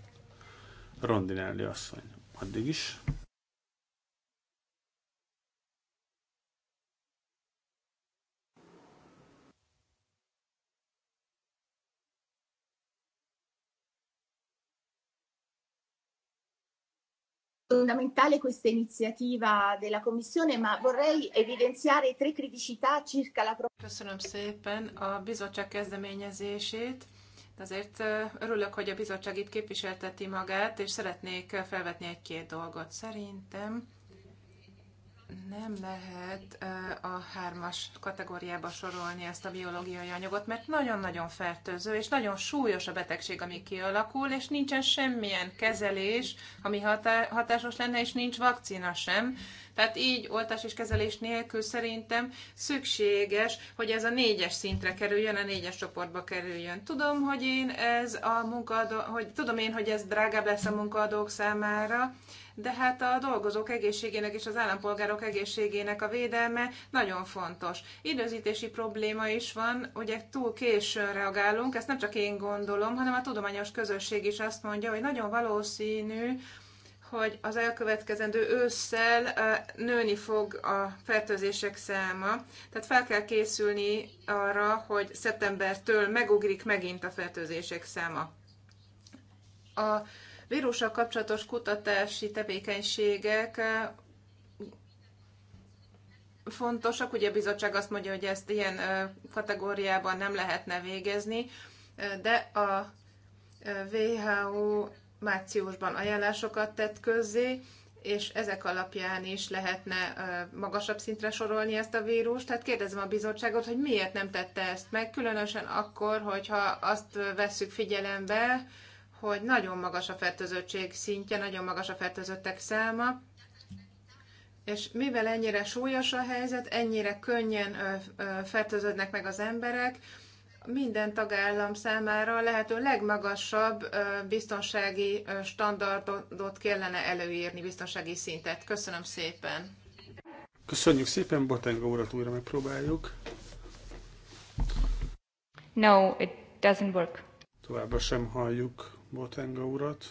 Rondinelli asszony. Addig is. fondamentale questa iniziativa della Commissione, ma vorrei evidenziare tre criticità circa la proposta. Köszönöm szépen a bizottság kezdeményezését. Azért eh, örülök, hogy a bizottság itt képviselteti magát, és szeretnék eh, felvetni egy-két dolgot. Szerintem nem lehet a hármas kategóriába sorolni ezt a biológiai anyagot, mert nagyon-nagyon fertőző, és nagyon súlyos a betegség, ami kialakul, és nincsen semmilyen kezelés, ami hatásos lenne, és nincs vakcina sem. Tehát így oltás és kezelés nélkül szerintem szükséges, hogy ez a négyes szintre kerüljön, a négyes csoportba kerüljön. Tudom, hogy én ez a munkaadó, hogy tudom én, hogy ez drágább lesz a munkaadók számára, de hát a dolgozók egészségének és az állampolgárok egészségének a védelme nagyon fontos. Időzítési probléma is van, ugye túl későn reagálunk, ezt nem csak én gondolom, hanem a tudományos közösség is azt mondja, hogy nagyon valószínű, hogy az elkövetkezendő ősszel nőni fog a fertőzések száma. Tehát fel kell készülni arra, hogy szeptembertől megugrik megint a fertőzések száma. A vírussal kapcsolatos kutatási tevékenységek fontosak. Ugye a bizottság azt mondja, hogy ezt ilyen kategóriában nem lehetne végezni, de a WHO márciusban ajánlásokat tett közzé, és ezek alapján is lehetne magasabb szintre sorolni ezt a vírust. Tehát kérdezem a bizottságot, hogy miért nem tette ezt meg, különösen akkor, hogyha azt vesszük figyelembe, hogy nagyon magas a fertőzöttség szintje, nagyon magas a fertőzöttek száma, és mivel ennyire súlyos a helyzet, ennyire könnyen fertőződnek meg az emberek, minden tagállam számára lehető legmagasabb biztonsági standardot kellene előírni, biztonsági szintet. Köszönöm szépen! Köszönjük szépen, Batenga urat újra megpróbáljuk. No, it doesn't work. Továbbra sem halljuk Botenga urat.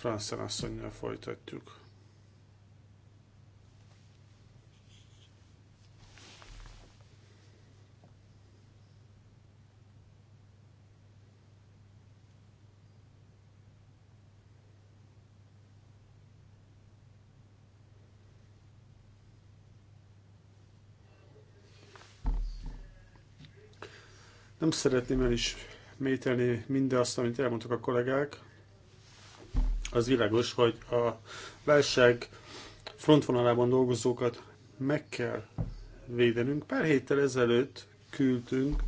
Franszen asszonynal folytatjuk. Nem szeretném el is mételni mindazt, amit elmondtak a kollégák. Az világos, hogy a válság frontvonalában dolgozókat meg kell védenünk. Pár héttel ezelőtt küldtünk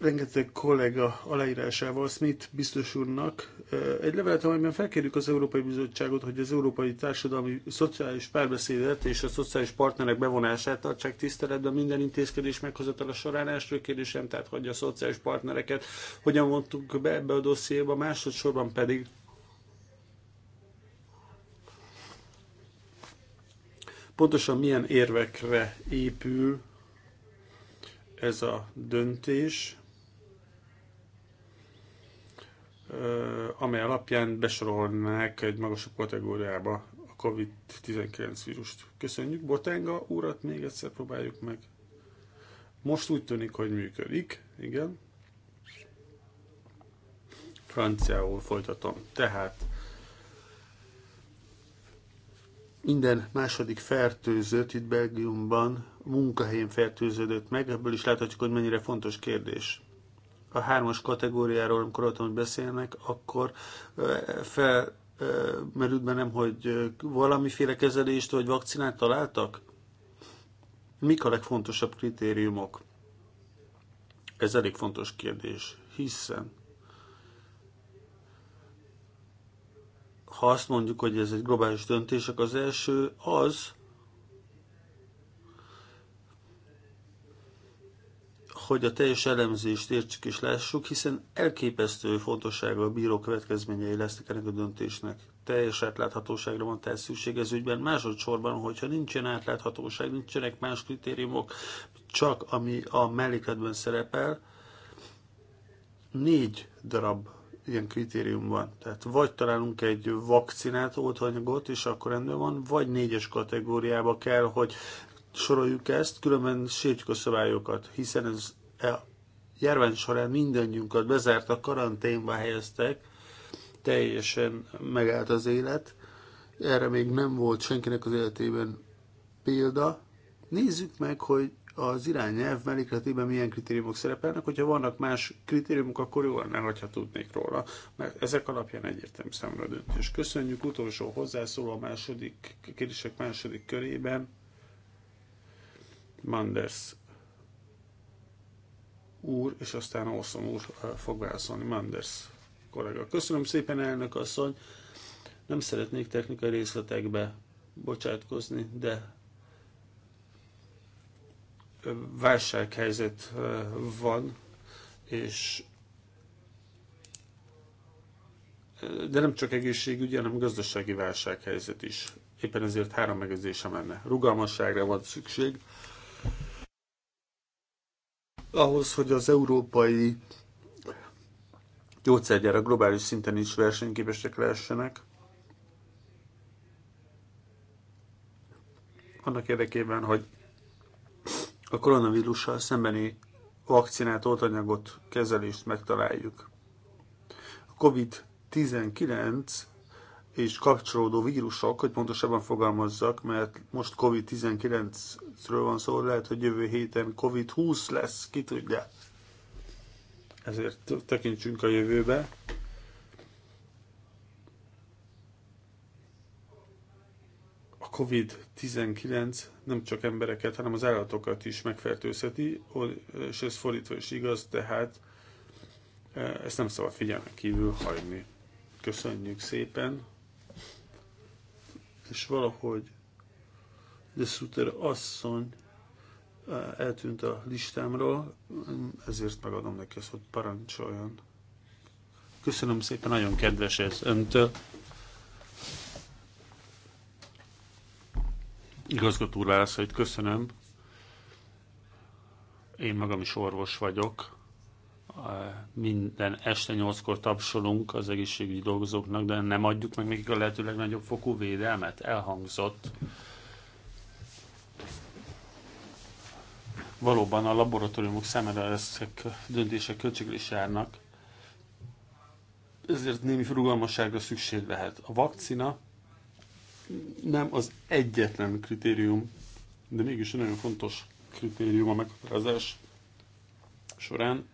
rengeteg kollega aláírásával Smith biztos úrnak egy levelet, amelyben felkérjük az Európai Bizottságot, hogy az európai társadalmi szociális párbeszédet és a szociális partnerek bevonását tartsák tiszteletben minden intézkedés meghozatala során. Első kérdésem, tehát hogy a szociális partnereket hogyan vontuk be ebbe a dossziéba, másodszorban pedig pontosan milyen érvekre épül ez a döntés, amely alapján besorolnák egy magasabb kategóriába a COVID-19 vírust. Köszönjük, Botenga úrat, még egyszer próbáljuk meg. Most úgy tűnik, hogy működik, igen. Franciául folytatom. Tehát minden második fertőzött itt Belgiumban munkahelyén fertőződött meg, ebből is láthatjuk, hogy mennyire fontos kérdés a hármas kategóriáról, amikor hogy beszélnek, akkor fel merült bennem, hogy valamiféle kezelést vagy vakcinát találtak? Mik a legfontosabb kritériumok? Ez elég fontos kérdés, hiszen ha azt mondjuk, hogy ez egy globális döntés, akkor az első az, hogy a teljes elemzést értsük és lássuk, hiszen elképesztő fontossága a bíró következményei lesznek ennek a döntésnek. Teljes átláthatóságra van tehát szükség ez ügyben. Másodszorban, hogyha nincsen átláthatóság, nincsenek más kritériumok, csak ami a melléketben szerepel, négy darab ilyen kritérium van. Tehát vagy találunk egy vakcinát, oltanyagot, és akkor rendben van, vagy négyes kategóriába kell, hogy soroljuk ezt, különben sértjük a szabályokat, hiszen ez a e járvány során mindannyiunkat a karanténba helyeztek, teljesen megállt az élet. Erre még nem volt senkinek az életében példa. Nézzük meg, hogy az irányelv mellékletében milyen kritériumok szerepelnek, hogyha vannak más kritériumok, akkor jó lenne, ha tudnék róla, mert ezek alapján egyértelmű számra döntés. Köszönjük utolsó hozzászóló a második, kérdések második körében. Manders úr, és aztán Olszon úr fog válaszolni. Manders kollega. Köszönöm szépen, elnök asszony. Nem szeretnék technikai részletekbe bocsátkozni, de válsághelyzet van, és de nem csak egészségügyi, hanem gazdasági válsághelyzet is. Éppen ezért három megjegyzésem lenne. Rugalmasságra van szükség, ahhoz, hogy az európai a globális szinten is versenyképesek lehessenek. Annak érdekében, hogy a koronavírussal szembeni vakcinát, oltanyagot, kezelést megtaláljuk. A COVID-19 és kapcsolódó vírusok, hogy pontosabban fogalmazzak, mert most COVID-19-ről van szó, lehet, hogy jövő héten COVID-20 lesz, ki tudja. Ezért tekintsünk a jövőbe. A COVID-19 nem csak embereket, hanem az állatokat is megfertőzheti, és ez fordítva is igaz, tehát eh, ezt nem szabad figyelmen kívül hagyni. Köszönjük szépen! és valahogy de Suter asszony eh, eltűnt a listámról, ezért megadom neki ezt, hogy parancsoljon. Köszönöm szépen, nagyon kedves ez öntől. Igazgató úr válaszait köszönöm. Én magam is orvos vagyok minden este nyolckor tapsolunk az egészségügyi dolgozóknak, de nem adjuk meg nekik a lehető legnagyobb fokú védelmet. Elhangzott. Valóban a laboratóriumok számára ezek döntések költségül is járnak, ezért némi rugalmasságra szükség lehet. A vakcina nem az egyetlen kritérium, de mégis egy nagyon fontos kritérium a meghatározás során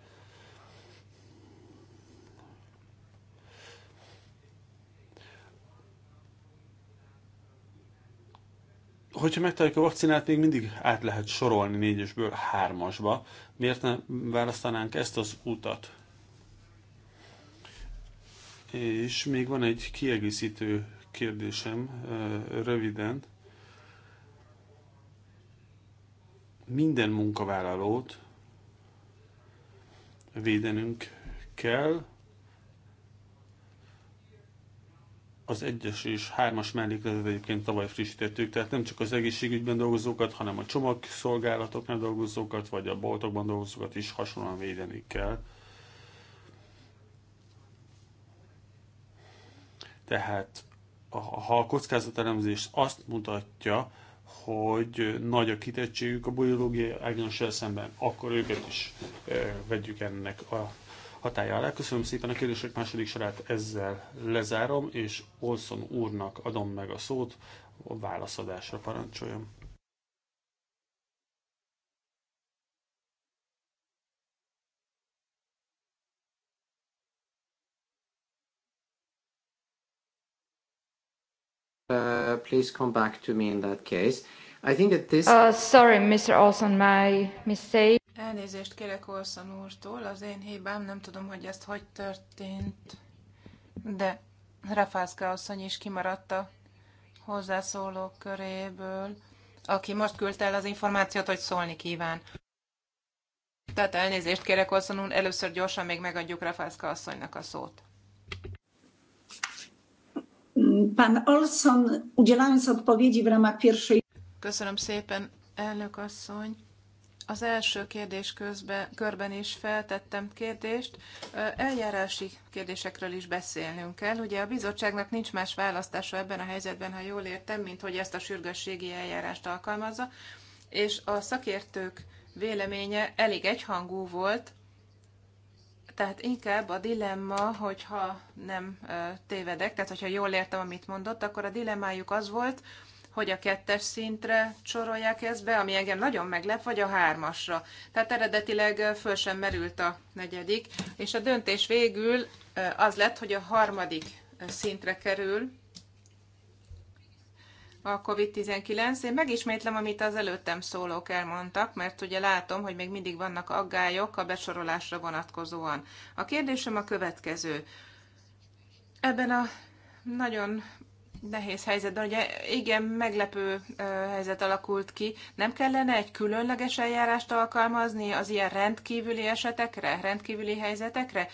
hogyha megtaláljuk a vakcinát, még mindig át lehet sorolni négyesből hármasba. Miért nem választanánk ezt az utat? És még van egy kiegészítő kérdésem, röviden. Minden munkavállalót védenünk kell, az egyes és hármas mellékletet egyébként tavaly frissítettük, tehát nem csak az egészségügyben dolgozókat, hanem a csomagszolgálatoknál dolgozókat, vagy a boltokban dolgozókat is hasonlóan védeni kell. Tehát ha a kockázatelemzés azt mutatja, hogy nagy a kitettségük a biológiai ágnossal szemben, akkor őket is eh, vegyük ennek a hatája alá. Köszönöm szépen a kérdések második sorát, ezzel lezárom, és Olson úrnak adom meg a szót, a válaszadásra parancsoljam. Uh, please come back to me in that case. I think that this... Uh, sorry, Mr. Olson, my mistake. Elnézést kérek Orszan úrtól, az én hibám, nem tudom, hogy ezt hogy történt, de Rafászka asszony is kimaradt a hozzászólók köréből, aki most küldte el az információt, hogy szólni kíván. Tehát elnézést kérek Orszan úr, először gyorsan még megadjuk Rafászka asszonynak a szót. Pan Olson, udzielając odpowiedzi w ramach pierwszej... Köszönöm szépen, elnök asszony. Az első kérdés közben, körben is feltettem kérdést. Eljárási kérdésekről is beszélnünk kell. Ugye a bizottságnak nincs más választása ebben a helyzetben, ha jól értem, mint hogy ezt a sürgősségi eljárást alkalmazza, és a szakértők véleménye elég egyhangú volt, tehát inkább a dilemma, hogyha nem tévedek, tehát hogyha jól értem, amit mondott, akkor a dilemmájuk az volt, hogy a kettes szintre csorolják ezt be, ami engem nagyon meglep, vagy a hármasra. Tehát eredetileg föl sem merült a negyedik, és a döntés végül az lett, hogy a harmadik szintre kerül a COVID-19. Én megismétlem, amit az előttem szólók elmondtak, mert ugye látom, hogy még mindig vannak aggályok a besorolásra vonatkozóan. A kérdésem a következő. Ebben a nagyon nehéz helyzetben. Ugye igen, meglepő helyzet alakult ki. Nem kellene egy különleges eljárást alkalmazni az ilyen rendkívüli esetekre, rendkívüli helyzetekre?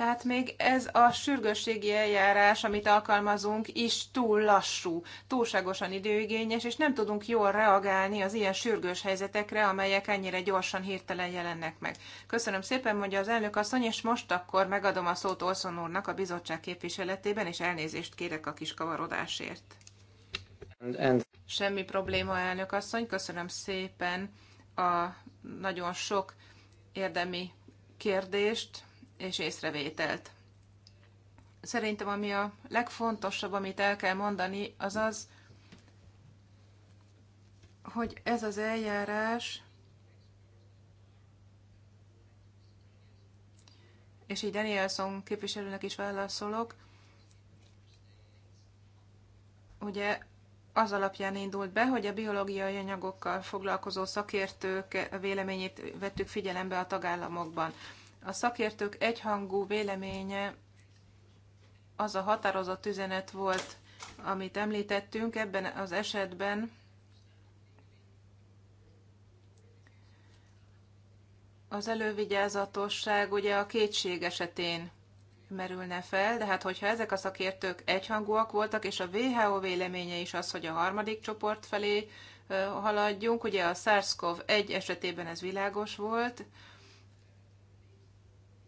Tehát még ez a sürgősségi eljárás, amit alkalmazunk, is túl lassú, túlságosan időigényes, és nem tudunk jól reagálni az ilyen sürgős helyzetekre, amelyek ennyire gyorsan hirtelen jelennek meg. Köszönöm szépen, mondja az elnök asszony, és most akkor megadom a szót Olszon úrnak a bizottság képviseletében, és elnézést kérek a kis kavarodásért. And, and... Semmi probléma, elnök asszony, köszönöm szépen a nagyon sok érdemi kérdést, és észrevételt. Szerintem ami a legfontosabb, amit el kell mondani, az az, hogy ez az eljárás, és így Danielson képviselőnek is válaszolok, ugye az alapján indult be, hogy a biológiai anyagokkal foglalkozó szakértők véleményét vettük figyelembe a tagállamokban. A szakértők egyhangú véleménye az a határozott üzenet volt, amit említettünk ebben az esetben. Az elővigyázatosság ugye a kétség esetén merülne fel, de hát hogyha ezek a szakértők egyhangúak voltak, és a WHO véleménye is az, hogy a harmadik csoport felé haladjunk, ugye a SARS-CoV-1 esetében ez világos volt,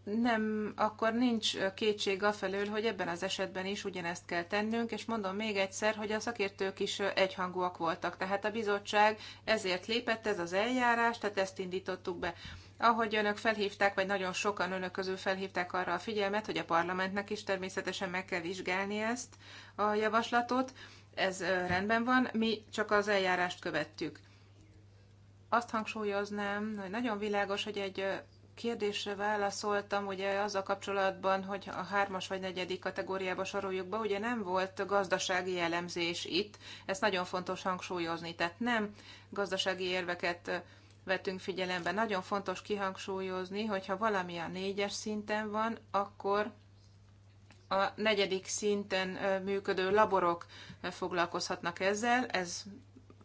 nem, akkor nincs kétség afelől, hogy ebben az esetben is ugyanezt kell tennünk, és mondom még egyszer, hogy a szakértők is egyhangúak voltak. Tehát a bizottság ezért lépett, ez az eljárás, tehát ezt indítottuk be. Ahogy önök felhívták, vagy nagyon sokan önök közül felhívták arra a figyelmet, hogy a parlamentnek is természetesen meg kell vizsgálni ezt a javaslatot, ez rendben van, mi csak az eljárást követtük. Azt hangsúlyoznám, hogy nagyon világos, hogy egy kérdésre válaszoltam, ugye az a kapcsolatban, hogy a hármas vagy negyedik kategóriába soroljuk be, ugye nem volt gazdasági jellemzés itt, ezt nagyon fontos hangsúlyozni, tehát nem gazdasági érveket vetünk figyelembe. Nagyon fontos kihangsúlyozni, hogyha valami a négyes szinten van, akkor a negyedik szinten működő laborok foglalkozhatnak ezzel, ez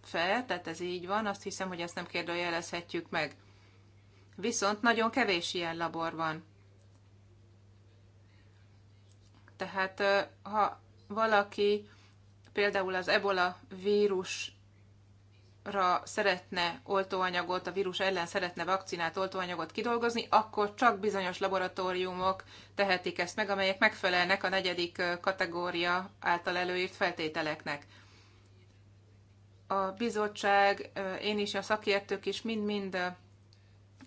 fel, tehát ez így van, azt hiszem, hogy ezt nem kérdőjelezhetjük meg. Viszont nagyon kevés ilyen labor van. Tehát ha valaki például az ebola vírusra szeretne oltóanyagot, a vírus ellen szeretne vakcinát, oltóanyagot kidolgozni, akkor csak bizonyos laboratóriumok tehetik ezt meg, amelyek megfelelnek a negyedik kategória által előírt feltételeknek. A bizottság, én is, a szakértők is mind-mind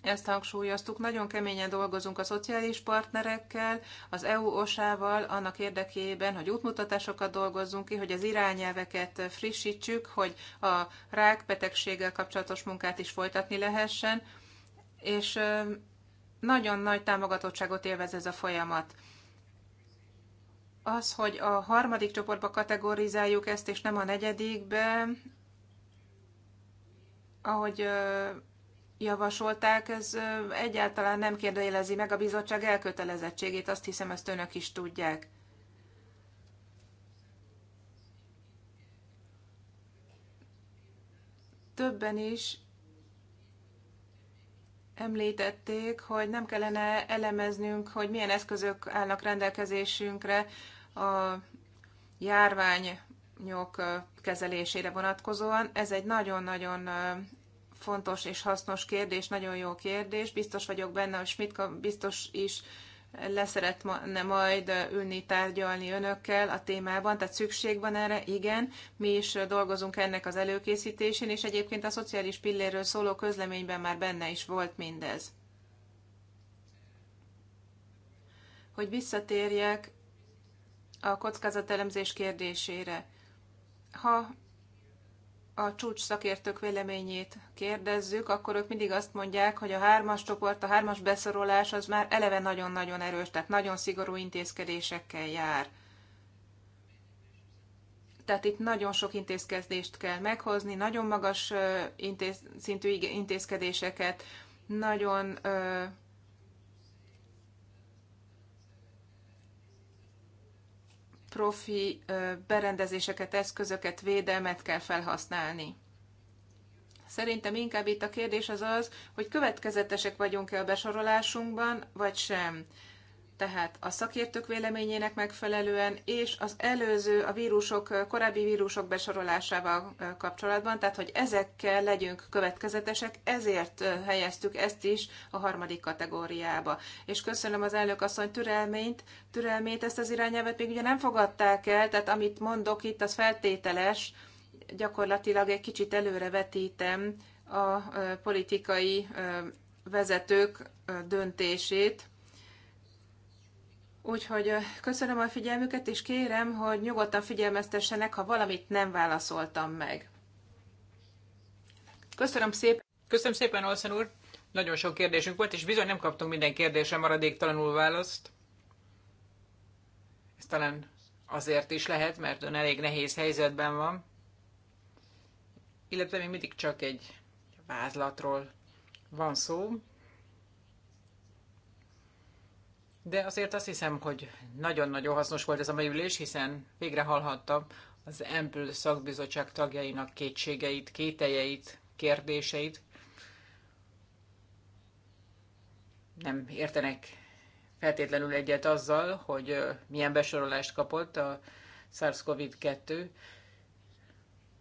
ezt hangsúlyoztuk. Nagyon keményen dolgozunk a szociális partnerekkel, az EU-osával annak érdekében, hogy útmutatásokat dolgozzunk ki, hogy az irányelveket frissítsük, hogy a rákbetegséggel kapcsolatos munkát is folytatni lehessen, és nagyon nagy támogatottságot élvez ez a folyamat az, hogy a harmadik csoportba kategorizáljuk ezt, és nem a negyedikbe, ahogy javasolták, ez egyáltalán nem kérdőjelezi meg a bizottság elkötelezettségét, azt hiszem, ezt önök is tudják. Többen is említették, hogy nem kellene elemeznünk, hogy milyen eszközök állnak rendelkezésünkre a járványok kezelésére vonatkozóan. Ez egy nagyon-nagyon fontos és hasznos kérdés, nagyon jó kérdés. Biztos vagyok benne, hogy Schmidt biztos is leszeretne majd ülni, tárgyalni önökkel a témában, tehát szükség van erre, igen. Mi is dolgozunk ennek az előkészítésén, és egyébként a szociális pilléről szóló közleményben már benne is volt mindez. Hogy visszatérjek a kockázatelemzés kérdésére. Ha a csúcs szakértők véleményét kérdezzük, akkor ők mindig azt mondják, hogy a hármas csoport, a hármas beszorolás az már eleve nagyon-nagyon erős, tehát nagyon szigorú intézkedésekkel jár. Tehát itt nagyon sok intézkedést kell meghozni, nagyon magas intéz, szintű intézkedéseket, nagyon profi berendezéseket, eszközöket, védelmet kell felhasználni. Szerintem inkább itt a kérdés az az, hogy következetesek vagyunk-e a besorolásunkban, vagy sem tehát a szakértők véleményének megfelelően, és az előző, a vírusok, korábbi vírusok besorolásával kapcsolatban, tehát hogy ezekkel legyünk következetesek, ezért helyeztük ezt is a harmadik kategóriába. És köszönöm az elnök asszony türelményt, türelmét, ezt az irányelvet még ugye nem fogadták el, tehát amit mondok itt, az feltételes, gyakorlatilag egy kicsit előrevetítem a politikai vezetők döntését, Úgyhogy köszönöm a figyelmüket, és kérem, hogy nyugodtan figyelmeztessenek, ha valamit nem válaszoltam meg. Köszönöm szépen. Köszönöm szépen, Olszen úr. Nagyon sok kérdésünk volt, és bizony nem kaptunk minden kérdésre maradéktalanul választ. Ez talán azért is lehet, mert ön elég nehéz helyzetben van. Illetve még mindig csak egy vázlatról van szó. de azért azt hiszem, hogy nagyon-nagyon hasznos volt ez a mai ülés, hiszen végre hallhattam az Ample szakbizottság tagjainak kétségeit, kételjeit, kérdéseit. Nem értenek feltétlenül egyet azzal, hogy milyen besorolást kapott a SARS-CoV-2.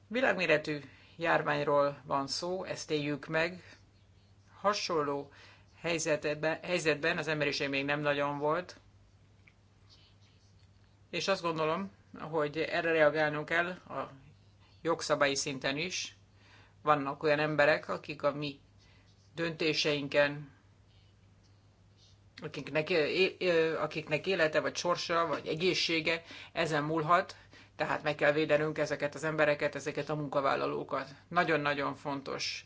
Világméretű járványról van szó, ezt éljük meg. Hasonló helyzetben, helyzetben az emberiség még nem nagyon volt, és azt gondolom, hogy erre reagálnunk kell a jogszabályi szinten is. Vannak olyan emberek, akik a mi döntéseinken, akiknek, akiknek élete, vagy sorsa, vagy egészsége ezen múlhat, tehát meg kell védenünk ezeket az embereket, ezeket a munkavállalókat. Nagyon-nagyon fontos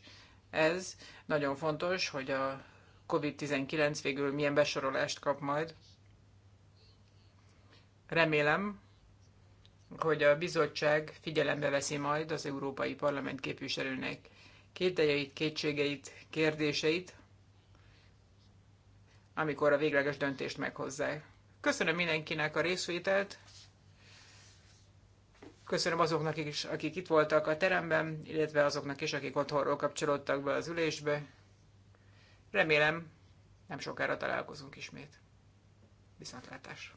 ez, nagyon fontos, hogy a COVID-19 végül milyen besorolást kap majd. Remélem, hogy a bizottság figyelembe veszi majd az Európai Parlament képviselőnek kételjeit, kétségeit, kérdéseit, amikor a végleges döntést meghozzák. Köszönöm mindenkinek a részvételt, köszönöm azoknak is, akik itt voltak a teremben, illetve azoknak is, akik otthonról kapcsolódtak be az ülésbe. Remélem, nem sokára találkozunk ismét. Viszontlátásra!